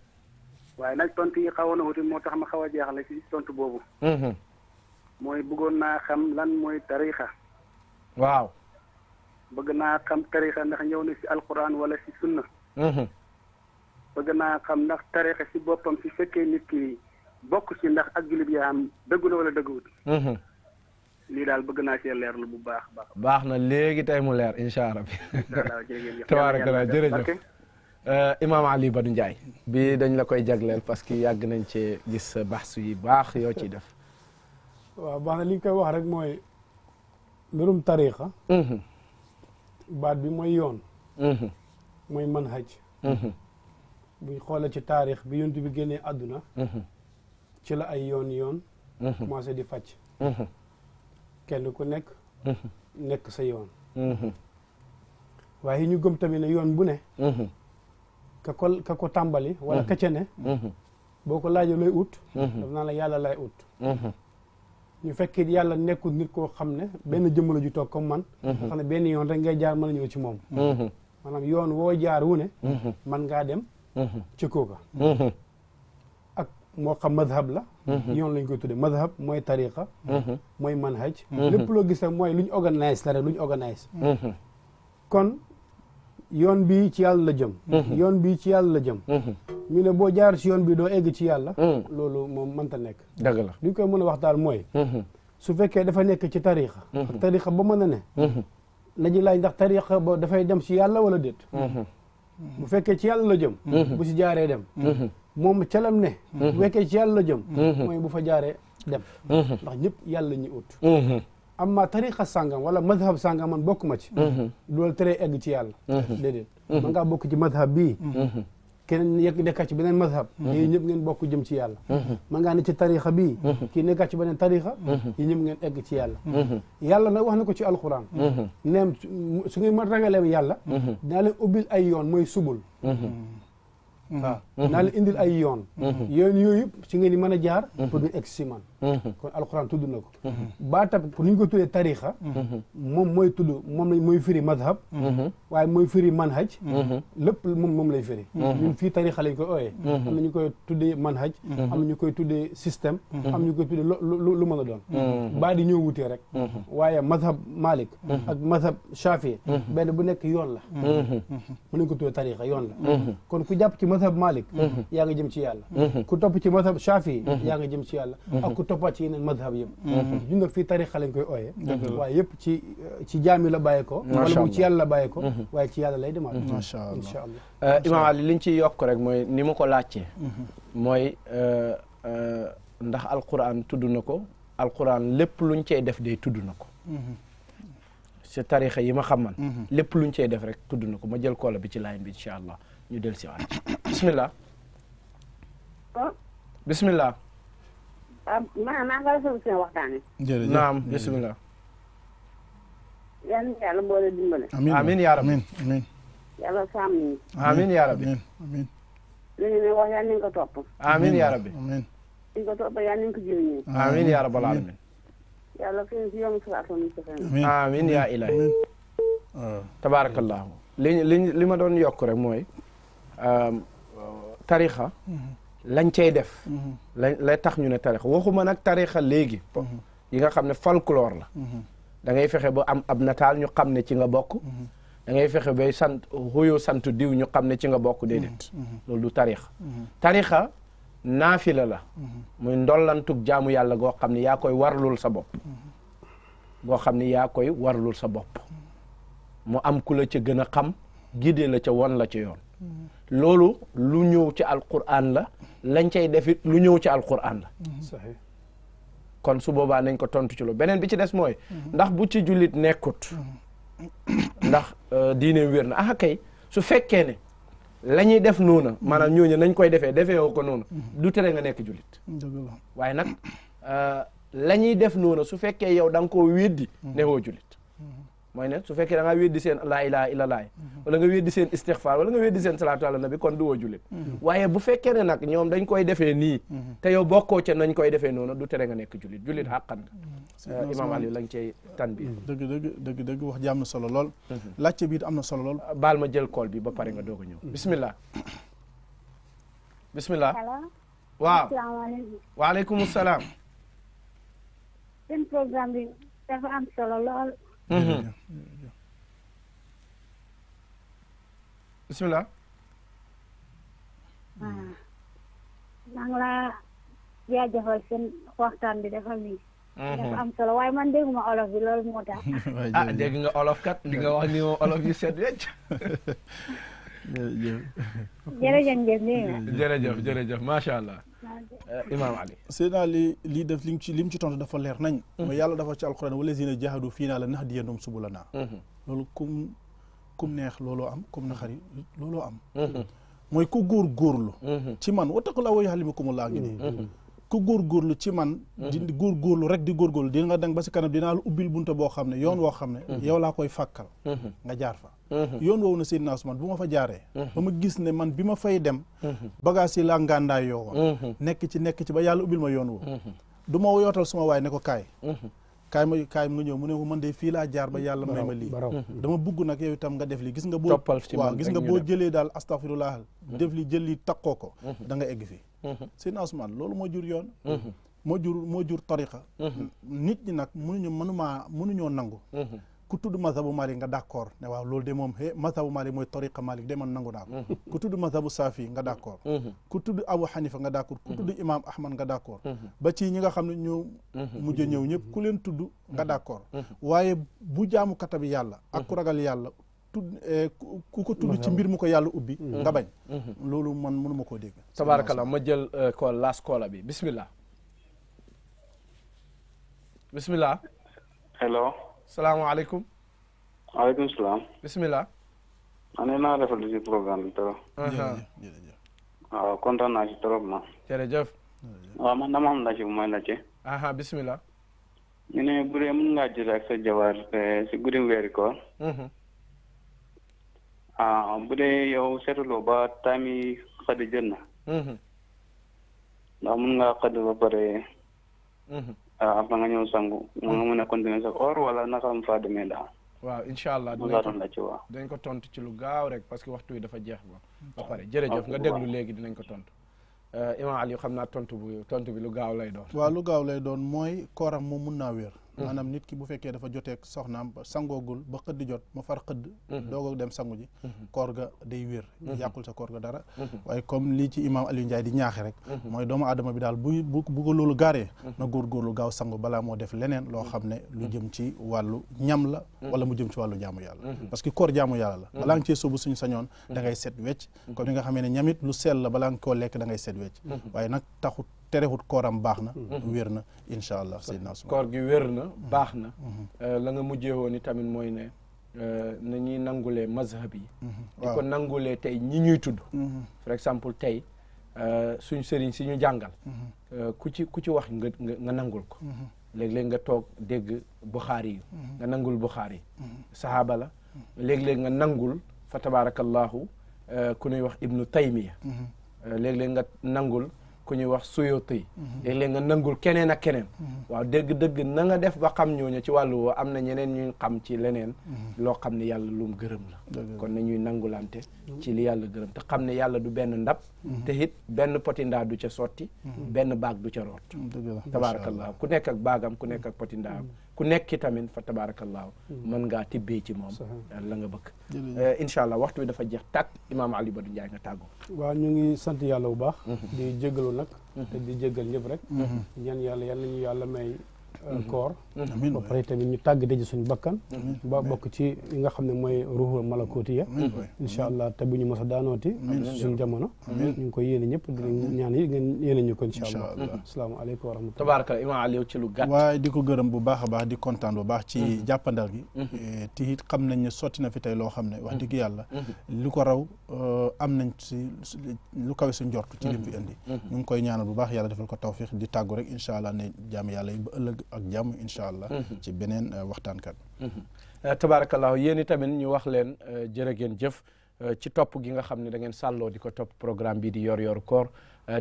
waaye nag tontu yi xawoon na wuti moo tax ma xaw a jeexle ci tontu boobu. Mhm. mooy bëggoon naa xam lan mooy tarixa. waaw. bëgg naa xam tarixa ndax ñëw na ci alquran wala ci sunna. Mhm. bëgg naa xam ndax tarixa si boppam si fekkee nit ki bokk si ndax ak jullit yi am dëgg la wala dëgguwut mhm. lii daal bëgg naa leer leerlu bu baax baax na léegi tey mu leer incha allah tabaarakallah jërëjëf uh, imaam Ali Badou njaay bi dañ la koy jagleel parce que yàgg nañ cee gis sa baax yu baax yoo ciy def waaw baax na li koy wax rek mooy mbirum tariqa mhm. baat bi mooy yoon mhm. mooy manhaj buñ xoolee ci taarix bi yonent bi génnee àdduna mhm. ci la ay yoon yoon mhm. commencé di fàcc mhm. kenn ku nekk nekk sa yoon waaye ñu gëm tamit na yoon bu ne ka ko ka ko tàmbali wala ka ca boo ko laajee looy ut la yàlla lay ut ñu fekkee yàlla nekkul nit koo xam ne benn jëmm la ju toog comme man xam ne benn yoon rek ngay jaar mën a ñëw ci moom maanaam yoon woo jaar wu ne man ngaa dem ci kooka mm-hmm. ak moo xam madhab la mm-hmm. yoon lañ koy tuddee madhab mooy tariqa mm-hmm. mooy manhaj lépp loo gis rek mooy lu ñu organise la rek lu ñu organise kon yoon bi ci yàlla la jëm yoon bii ci yàlla la jëm ñu ne boo jaar si yoon bi doo egg ci yàlla mm. loolu moom mënta nekk dëgg la li ñu koy mën a wax daal mooy su fekkee dafa nekk ci tariqa ak tariqa ba mën a ne nañu laaj ndax tariqa ba dafay dem si yàlla wala déet bu fekkee ci yàlla la jëm mhm. bu si jaaree dem mhm. moom calam ne bu mhm. fekkee ci yàlla la jëm mooy bu fa jaaree dem ndax ñëpp yàlla ñi ut amma tariqa sàngam wala madhab sàngam man bokk ma ci loolu tere egg ci yàlla déedéet man ngaa bokk ci madhab bii keneen yëg nekkaat ci beneen mazhab mhm. yii ñëpp ngeen bokk jëm ci yàlla ma mhm. ngaa ne ci tarixa bii mhm. kii nekkaat ci beneen tarixa yi ñëpp ngeen egg ci yàlla yàlla nag wax na ko ci alquran neem su ngeen ma ragaleem yàlla dinaa leen ubbil ay yoon mooy subul waaw dinaa leen indil ay yoon yoon yooyu yëpp si ngeen di a jaar pour ngeen egg si man Mm-hmm. kon alxuraan tudd na ko mm-hmm. baatab pour ni ñu ko tuddee tarixa mm-hmm. moom mooy tudd moom la mooy firi madhab waaye mooy firi manhaj lépp moom moom lay firi ñun fii tarixa lañ koy ooyee am na ñu koy tuddee manhaj am na ñu koy tuddee système am ñu koy tuddee lu lu a doon baa di ñoo wutee rek waaye madhab malik ak madhab shafi benn bu nekk yoon la mën nañ ko tuddee tarixa yoon la kon ku jàpp ci madhab malik yaa nga jëm ci yàlla ku topp ci madhab shafi yaa nga jëm ci yàlla toppaat ci yeneen madhab yëpp mhm. ñun nag fii tariqa lañ koy ooyee waaye yëpp ci ci jaami la bàyyee ko wala mu ci yàlla la bàyyee ko mhm. waaye ci yàlla lay demaat mhm. macha allah incha allah euh, imaam Ali liñ ci yokk rek mooy ni ma ko laajtee mooy euh, euh, ndax alquran tudd na ko alquran lépp luñ cey def day tudd na ko ci tarixa yi ma xam man lépp luñ cey def rek tudd na ko ma jël koola bi ci line bi incha allah ñu del si waat bismillah maanaam waxtaan yi. jërëjëf naam mm. bisimilah. yal na yàlla boole dimbale. amiin amiin yaa rabbi amiin. yaa rabbi amiin. li ngeen di wax yal nañu ko topp. amiin yaa rabbi amiin. ñu ko topp yal nañu ko jëriñoo. amiin yaa rabbal aalamiin. yàlla fi ah. ñu si yomb si waatam yaa ilaahi. tabaarakallahu li doon yokk rek mooy um, lañ cay def. lañ mhm. lay tax ñu ne tarixa waxuma nag tarixa léegi. Mhm. yi nga xam ne folklore la. Mhm. da fexe ba am ab nataal ñu xam ne ci nga bokk. dangay fexe ba sant xuyoo sant diw ñu xam ne ci nga bokk déedéet. loolu du tarixa. tarixa naafila la. muy ndollantug jaamu yàlla goo xam ne yaa koy warlul sa bopp. goo xam ne yaa koy warlul sa bopp. mu am ku la ca gën a xam. gide la ca won la ca yoon. loolu lu ñëw ci alquran la. lañ cay defit lu ñëw ci alquran la mhm. kon su boobaa nañ ko tontu ci beneen bi ci des mooy mhm. ndax bu ci jullit nekkut mhm. ndax euh, diineem wér na ah su fekkee ne la ñuy def noonu maanaam ñooñu nañ koy defee defee woo ko noonu du tere nga nekk jullit waaye nag euh, la ñuy def noonu su fekkee yow da nga koo weddi newoo jullit moy ne su fekke da nga weddi sen la ilaha illallah mhm. wala nga weddi sen istighfar wala nga weddi sen salatu ala nabi kon du wo julit mhm. waye bu fekke ne nak ñom dañ koy defé ni mhm. te yow bokko ci nañ koy defé nonu du tere nga nek julit julit haqqan euh, imam ali lañ ci cey tan bi deug deug dëgg wax ji na solo lol lacc bi amna solo lol euh, bal ma jël kol bi ba paré nga ñew bismillah bismillah wa waaleykum salaam seen programme bi dafa am solo lol Mhm. bisimilah. waaw ah. maa ngi laa jaajëfal seen waxtaan bi dafa nii. Mhm. dafa am solo waaye man déggu ma olof bi loolu moo tax. ah dégg nga olof kat li nga wax ni moom olof yi seet wecc. jërëjëf jërëjëf jërëjëf macha allah. imaam Ali a li lii def li ci li mu ci tontu dafa leer nañ mhm. mooy yàlla dafa ci alquran walazina jahadu fii naa la nahdiyannahum subulana mhm. loolu kum kum neex looloo am kum naxari looloo am mhm. mooy ku góor góorlu ci man laa wa yuallimukumu ku lu ci man mhm. di lu rek di gor di nga dang ba ci kanam dina la ubbil bunta boo xam yon yoon woo xam mhm. yow la koy fàkkal mhm. nga jaar fa yoon wo na usman buma fa bama gis ne man bima fay dem bagage nekichi nganda yo nek ci nek ci ba yalla ubil ma yoon wo duma woyotal suma way ne ko kay kay ma kay nga ñew mu ne ko man day fi la jaar ba yalla may ma li dama bugg nak yow itam nga def li gis nga bo gis nga bo dal astaghfirullah def li jël li ko da nga egg fi Mm-hmm. seen Ousmane loolu moo jur yoon mm-hmm. moo jur moo jur tariqa mm-hmm. nit ñi nag mënuñu mënumaa mënuñoo nangu ku tudd mazhabu Malik nga d'accord ne waaw loolu de moom he mazhabu Malik mooy tariqa Malik de man nangu naa ko ku tudd mazhabu Safi nga d'accord ku tudd Abu Hanifa nga d'accord ku tudd Imam Ahmad nga d'accord ba ci ñi nga xam ne ñoo mujj ñëw ñëpp ku tudd nga d'accord waaye bu jaamu katabi yàlla ak ku ragal yàlla tudd eh, ku ko tudd ci mbir mu ko yàlla ubbi mm-hmm. nga bañ mm-hmm. loolu man mënu ma koo dégg tabarakalla ma jël ko laas koola bi bismillah bismillah hello salaamaaleykum waaleykum salaam bismillah ma ne naa rafetlu ci programme bi trop uh-huh. man dama xam naa bu may laajte aha uh-huh, bismillah ñu ne bu dee mën jël ak sa jabar eh, si guddi weeri koor mm-hmm. ah bu dee yow seetuloo ba time yi xëdd jën na. Mhm. ndax mun ngaa xëdd ba pare. ah mhm. après nga ñëw sangu. mun nga mën a continuer or wala naka am faa demee daal. waaw incha allah dañ ko tontu ci lu gaaw rek parce que waxtu wi dafa jeex ba. ba pare jërëjëf nga déglu léegi dinañ ko tontu. Euh, Imam Aliou xam naa tontu bu tontu bi lu gaaw lay doon. waaw lu gaaw lay doon mooy kooram moom mun naa weer manam mm-hmm. nit ki bu fekke dafa joteeg soxnaam sangoogul ba xëdd jot ma far xëdd mm-hmm. dogo dem sangu ji mm-hmm. koor ga day wér yàqul sa koor ga dara waaye comme li ci imam ali ndjay di ñaax rek moy doomu adama bi dal bu bu ko lolu garé na góorgóorlu gaaw sangu bala mo def lenen lo xam ne lu jëm ci walu ñam la wala mu jëm ci walu jaamu yalla parce que koor jaamu yalla la bala nga cee suñu sañon da ngay set wetch comme nga xamee ñamit lu sel la bala da ngay set wecc waaye nak taxut terewut kooram baax na mhm. Mhm. wér na incha allah seydina Ousmane koor gi wér na mhm. baax na euh, la nga mujjee woon i tamit mooy ne euh, na ñuy nangulee mazhab yi di ko nangulee tey ñi ñuy tudd par exemple tey euh, suñ sëriñ si ñu jàngal ku ci ku ci wax nga nga nangul ko léeg-léeg nga toog dégg buxaari yi nga nangul buxaari yi sahaaba la léeg-léeg nga nangul fa tabarakallahu ku ñuy wax ibnu taymiya léeg-léeg nga nangul ku ñuy wax suyóotu yi mhm. léeg nga nangul keneen ak keneen mhm. waaw dëgg-dëgg na nga def ba xam ñooñu ci wàllu woo am na ñeneen ñu xam ci leneen mhm. loo xam ne yàlla lum gërëm la kon ñuy nangulante ci li yàlla gërëm te xam ne yàlla du benn ndab te it benn potindaa du ca sotti benn baag du ca root tabaarakallah ku nekk ak baagam ku nekk ak potindaam ku nekk tamit fa tabaarakallaahu man hmm. ngaa tibbee ci moom la nga bëgg eh, incha allah waxtu bi dafa jeex tàkk imaam Ali Badou Ndiaye nga tàggu waaw ñu ngi sant yàlla bu baax hmm. di jégalu nag hmm. te di jégal ñëpp rek ñaan yàlla yal yàlla may koor euh, mhm. mhm. ba pare tamit ñu tàgg daji suñu bakkan ba bokk ci nga xam ne mooy ruuxul malakooti ya incha allah te bu ñu mos a daanooti suñu jamono ñu ngi koy yéene ñëpp dinañ ko incha allah mhm. asalaamaaleykum wa lu gàtt waaye di ko gërëm bu baax a baax di kontaan bu baax ci jàppandal gi eh, te xam nañ ne sotti na fi tey loo xam ne wax dëgg yàlla lu ko raw eh, am nañ si lu kawe suñ njort ci lim fi indi ñu ngi koy ñaanal bu baax yàlla defal ko tawfiq di tàggu rek incha allah ne jaam yàlla yi ba ëllëg ak jam incha allah. Mhm. ci beneen waxtaan euh, waxtaankat. Mhm. Euh, tabaarakallaahu yéen tamit ñu wax leen euh, jërë ngeen jëf ci topp gi nga xam ne da ngeen sàlloo di ko topp programme bi di yor yor koor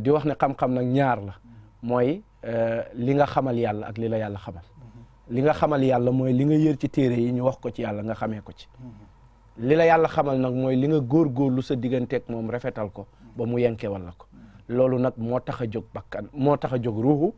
di wax ne xam-xam nag ñaar la mooy li nga xamal yàlla ak lila yàlla xamal. Mhm. li nga xamal yàlla mooy li nga yër ci téere yi ñu wax ko ci yàlla nga xamee ko ci. li la yàlla xamal nag mooy li nga góorgóorlu sa digganteek moom rafetal ko ba mu yenkewal la ko loolu nag moo tax a jóg bakkan moo tax a jóg ruuxu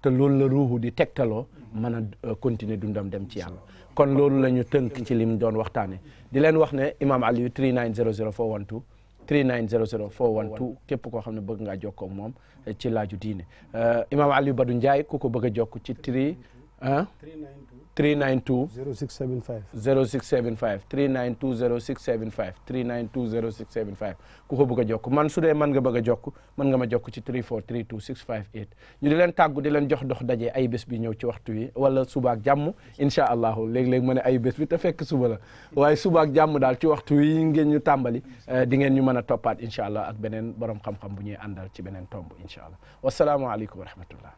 te loolu la ruuxu di tegtaloo mën a euh, continuer dundam dem ci yàlla kon loolu la ñu tënk ci lim doon waxtaane di leen wax ne imam Aliou 3900 412 3900 412 képp koo xam ne bëgg ngaa jokkoo ak moom euh, ci laaju diine euh, imam Aliou Badou Ndiaye ku ko bëgg a jokk ci 3 1 392 0675 0675 392 0675 392 0675 ku ko bëgg a jokk man su dee mën nga bëgg a jokk mën nga ma jokk ci 3432 658 ñu di leen tàggu di leen jox dox daje ay bés bi ñëw ci waxtu wi wala subaak jàmm incha allahu léeg-léeg ma ne ay bés bi fekk suba la waaye subaak jàmm daal ci waxtu wi ngeen ñu tàmbali eh, di ngeen ñu mën a toppaat incha allah ak beneen borom xam-xam bu ñuy àndal ci beneen tomb incha allah wasalaamualeykum wa rahmatullah